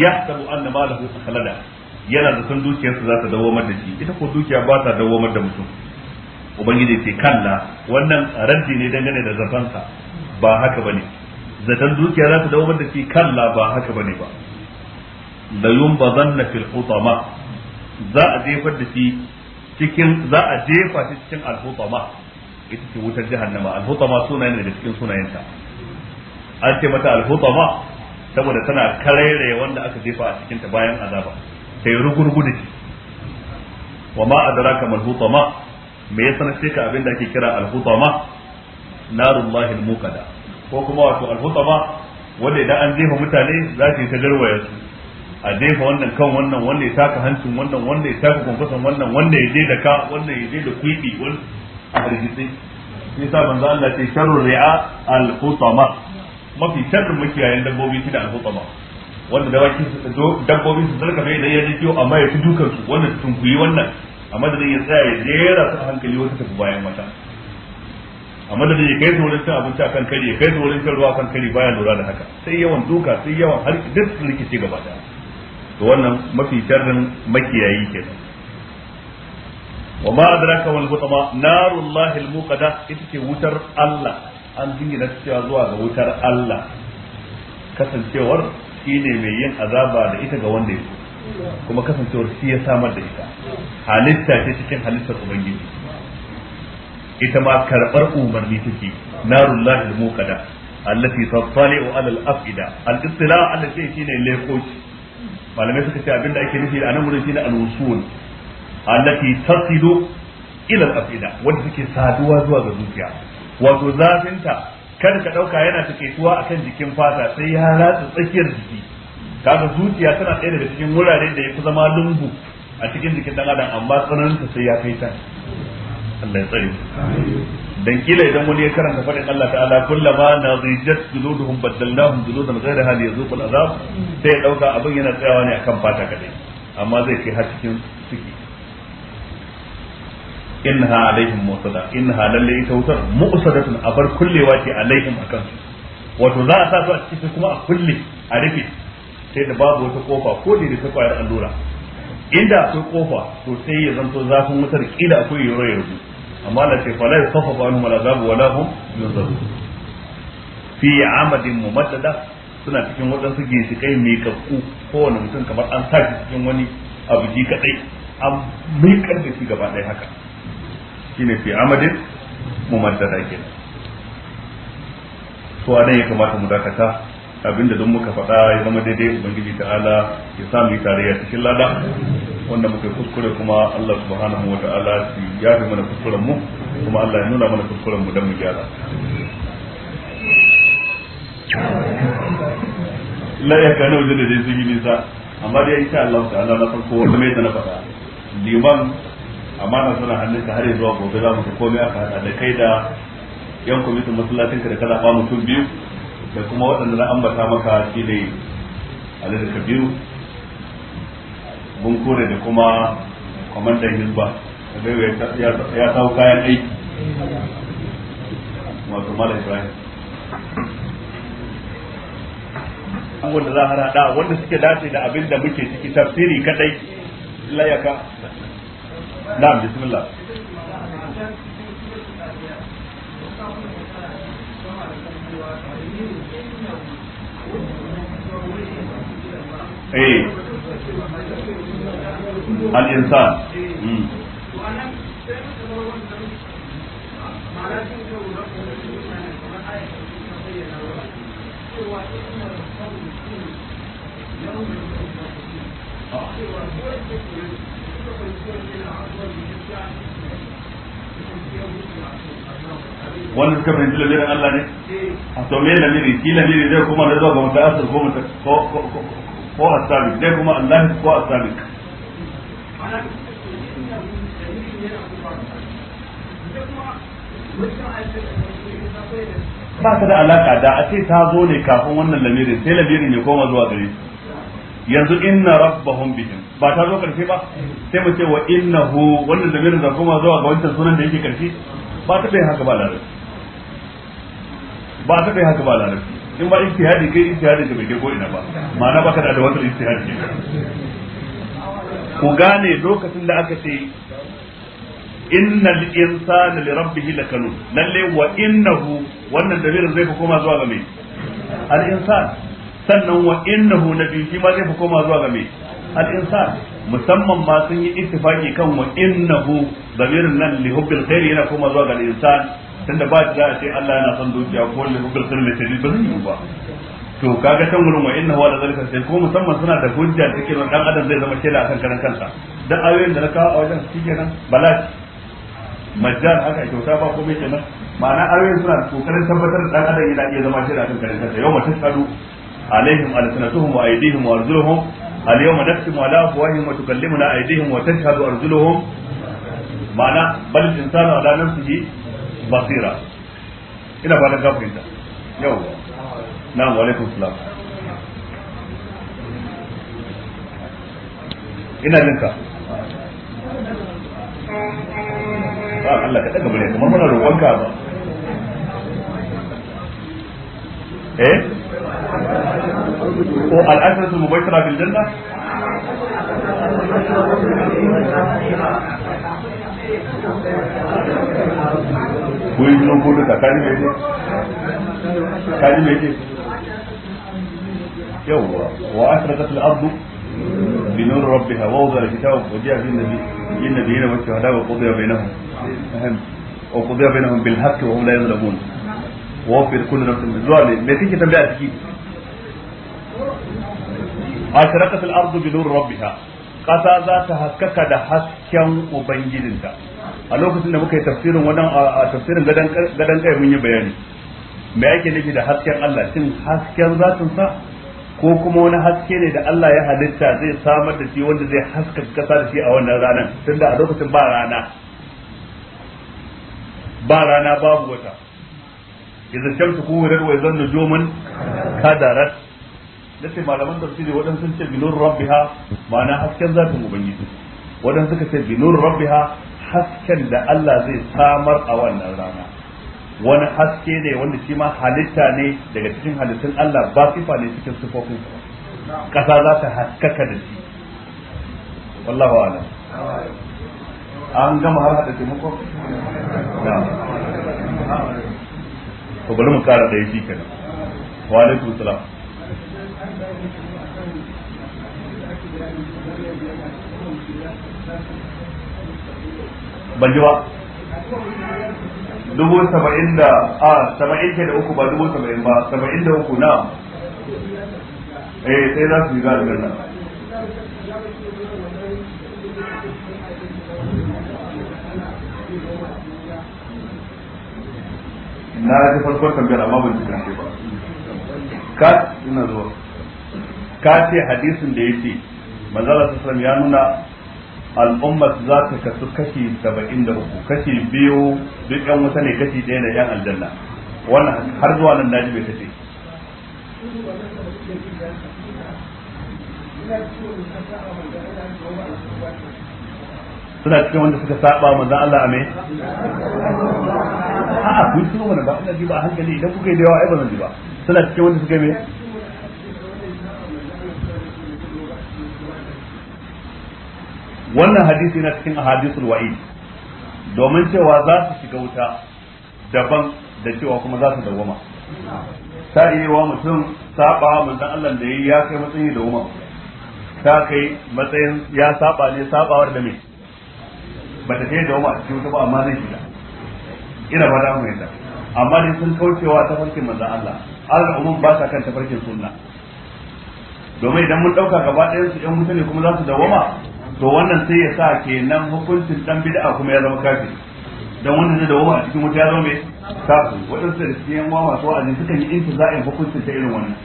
yahsabu anna malahu khalada yana da san dukiyarsa za ta dawo da shi ita ko dukiya ba ta dawo da mutum ubangiji ce kalla wannan raddi ne dangane da zafansa ba haka bane zaton dukiya za ta dawo da shi kalla ba haka bane ba la yunbadanna fil hutama za a jefar da shi cikin za a jefa shi cikin al-hutama ita ce wutar jahannama al-hutama sunayen da cikin sunayenta an ce mata al-hutama saboda tana karairaye wanda aka jefa a cikin ta bayan azaba sai rugurgu da shi wa ma adraka mal hutama me ya sanar abin da ake kira al-hutama narullahi al-muqada ko kuma wato alhutaba wanda idan an jefa mutane za su yi ta garwaya su a jefa wannan kan wannan wanda ya taka hancin wannan wanda ya taka kwankwason wannan wanda ya je da ka wanda ya je da kwiɗi wani a hargitsi shi sa banza Allah ce sharru ri'a alhutama mafi sharrin makiyayen dabbobi shi da alhutama wanda da wakin su dabbobi su zarka mai da yaji kiyo amma ya fi dukan su wannan tunkuyi wannan amma da zai ya tsaya ya jera su hankali wata tafi bayan wata a madadin ya kai su wurin cin abinci akan kari ya kai su wurin ruwa kan kari baya lura da haka sai yawan duka sai yawan har duk su rikice gaba daya to wannan mafi sharrin makiyayi kenan wa ma adraka wal hutama narullahi al muqada ita ce wutar Allah an dingina cewa zuwa ga wutar Allah kasancewar shi ne mai yin azaba da ita ga wanda ya kuma kasancewar shi ya samar da ita halitta ce cikin halittar ubangiji ita ma karbar umarni take narullahi almuqada allati tattali'u wa alal afida al-istila' ala shay shine lekoki malamai suka ce abinda ake nufi a nan wurin shine al-wusul allati tasilu ila al-afida wanda take saduwa zuwa ga zuciya wato zafinta kada ka dauka yana takeituwa akan jikin fata sai ya ratsa tsakiyar jiki kaga zuciya tana ɗaya daga cikin wurare da ya fi zama lumbu a cikin jikin dan adam amma tsananin sai ya kai ta Allah ya tsare dan kila idan wani ya karanta fadin Allah ta'ala kullama nadijat juluduhum baddalnahum juludan ghayraha liyazuqul azab sai ya dauka abin yana tsayawa ne akan fata kadai amma zai kai har cikin ciki innaha alaihim musada innaha lalle ita wutar mu'sadatun abar kullewa ce alaihim akan wato za a sa su a cikin kuma a kulle a rufe sai da babu wata kofa ko da ta kwayar allura inda akwai kofa to sai ya zanto zafin wutar kila akwai yoro ya rubu amma la ce fala ya kafa ba mala zabu wala hum yuzabu fi amadin mumaddada suna cikin wadansu ginshikai mai kakku kowane mutum kamar an sa cikin wani abu ji kadai an mai da shi gaba ɗaya haka shine fi amadin mumaddada kenan to anan ya kamata mu dakata abinda don muka faɗa ya zama daidai ubangiji ala ya sa mu tarayya cikin lada wanda muka kuskure kuma Allah subhanahu wa ta'ala ya fi mana kuskuren mu kuma Allah ya nuna mana kuskuren mu don mu gyara la ya kana wajen da zai sun yi nisa amma dai insha Allah ta'ala na farko wanda mai na faɗa liman amana suna hannun ka har zuwa gobe za mu komai aka hada da kai da yan kwamitin masallacin ka da kada ba mutum biyu da kuma waɗanda na ambata maka shi ne alhaji kabiru bunkure da kuma kwamandan hizba da ya kawo kayan aiki wato mala ibrahim abubuwan da za a hada wanda suke dace da abin da muke ciki tafsiri kadai layaka na bismillah ايه الانسان wannan wanda suka fahimci lamirin Allah ne a to me lamiri shi lamiri zai kuma da zuwa ga muta'assir ko ko asabiq dai kuma Allah ko asabiq ba ta da alaka da a ce ta zo ne kafin wannan lamirin sai lamirin ya koma zuwa gare yanzu inna rabbahum bihim ba ta zo karshe ba sai mu ce wa innahu wannan lamirin da koma zuwa ga wancan sunan da yake karshe ba ta bai haka ba larabci ba ta bai haka ba larabci in ba ijtihadi kai ijtihadi ka bai ko ina ba ma'ana baka da wata ijtihadi ne ku gane lokacin da aka ce innal insana li rabbihi lakanun lalle wa innahu wannan dabirin zai koma zuwa ga me al insan sannan wa innahu nabi shi ma zai koma zuwa ga me al insan musamman ma sun yi ittifaki kan wa innahu dabirin nan li hubbil khair yana koma zuwa ga al insan tunda ba ta ce Allah yana son dukiya ko wanda hukul sun lafi ba zai yi ba to kaga can wurin wa inna huwa la zalika sai kuma musamman suna da hujja take nan dan adam zai zama shaida akan karan kansa dan ayoyin da na kawo a wajen shi kenan balad majjan haka kyauta ba ko mai kenan ma'ana ayoyin suna kokarin tabbatar da dan adam yana iya zama shaida akan karan kansa yau mutum alaihim alsanatuhum wa aydihim wa arjuluhum اليوم نختم على افواههم وتكلمنا ايديهم وتشهد ارجلهم معنى بل الانسان على نفسه basira ina fatan ka fahimta yau na wa alaikum salam ina jin ka ba Allah ka daga murya kamar muna roƙon ka ba eh ko al'asratu mubayyana bil janna Thank you. kuyi tunan ko duka kaji mai ke kaji mai ke yawwa wa asrakat al-ard bi nur rabbiha wa wada al-kitab wa ja'a bi nabi in nabi yana wacce hada wa qudiya bainahum fahim wa qudiya bainahum bil haqq wa hum la yadhlamun wa fi kulli nafsin bidwali me kike tambaya ciki asrakat al-ard bi nur rabbiha kasa za ta haskaka da hasken ubangijinta a lokacin da muka yi tafsirin wadan a tafsirin gadan kai mun yi bayani me yake nufi da hasken Allah shin hasken zatin sa ko kuma wani haske ne da Allah ya halitta zai samar da shi wanda zai haska kasa da shi a wannan ranar tunda a lokacin ba rana ba rana babu wata idan shamsu kuwirar wa idan nujumun kadarat ce malaman tafsiri wadan sun ce binur rabbiha ma'ana hasken zafin ubangiji waɗansu suka ce binur rabbiha hasken da Allah zai samar a wannan rana wani haske ne wanda shi ma halitta ne daga cikin halittun Allah ba sifa ne cikin sufofin kasa za ta haskaka da shi wallahu ala an gama har hada taimako to bari mu kara da kenan wa alaikum salam ban ji ba dubu saba'in da a saba'in ke da uku ba dubu saba'in ba saba'in da uku na eh sai za su yi zaɓi nan na ji farko tambayar amma ban ji karshe ba ka ina zuwa ka ce hadisin da yake manzala sallallahu ya nuna al'ummar za ta kasu kashi saba'in da uku kashi biyu duk yan wuta ne kashi ɗaya da yan aljanna wannan har zuwa nan daji bai kace suna cikin wanda suka saba manzan Allah a me a'a kun tuno mana ba ina ji ba hankali idan kuka yi da yawa ai ba zan ji ba suna cikin wanda suka yi me wannan hadisi yana cikin ahadisul wa'id domin cewa za su shiga wuta daban da cewa kuma za su dawoma ta iya wa mutum saba manzon Allah da yayi ya kai matsayin umma ta kai matsayin ya saba ne sabawar da me bata kai umma a cikin wuta ba amma zai shiga ina ba da mu yadda amma dai sun kaucewa ta farkin manzon Allah al'umman ba sa kan tafarkin sunna domin idan mun dauka gaba ɗayan su ɗan mutane kuma za su dawoma to wannan sai ya sa kenan hukuncin dan bid'a kuma ya zama kafiri dan wannan da dawo a cikin wuta ya zama mai kafiri wadansu da cikin yan wawa masu wa'azi sukan yi intiza'in hukuncin ta irin wannan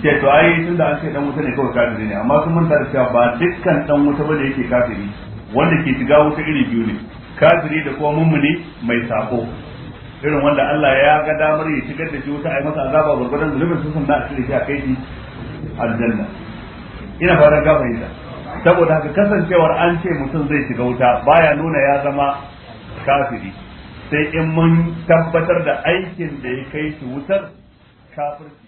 ce to ai tun da an ce dan wuta ne kawai kafiri ne amma sun manta da cewa ba dukkan dan wuta bane yake kafiri wanda ke shiga wuta iri biyu ne kafiri da kuma mummuni mai sako irin wanda Allah ya ga damar ya shigar da shi wuta ai masa azaba gurgurdan zulumin sun da a cikin shi a kai shi aljanna ina fatan yi fahimta saboda haka kasancewar an ce mutum zai shiga wuta baya nuna ya zama kafiri sai in mun tabbatar da aikin da ya kai shi wutar kafirci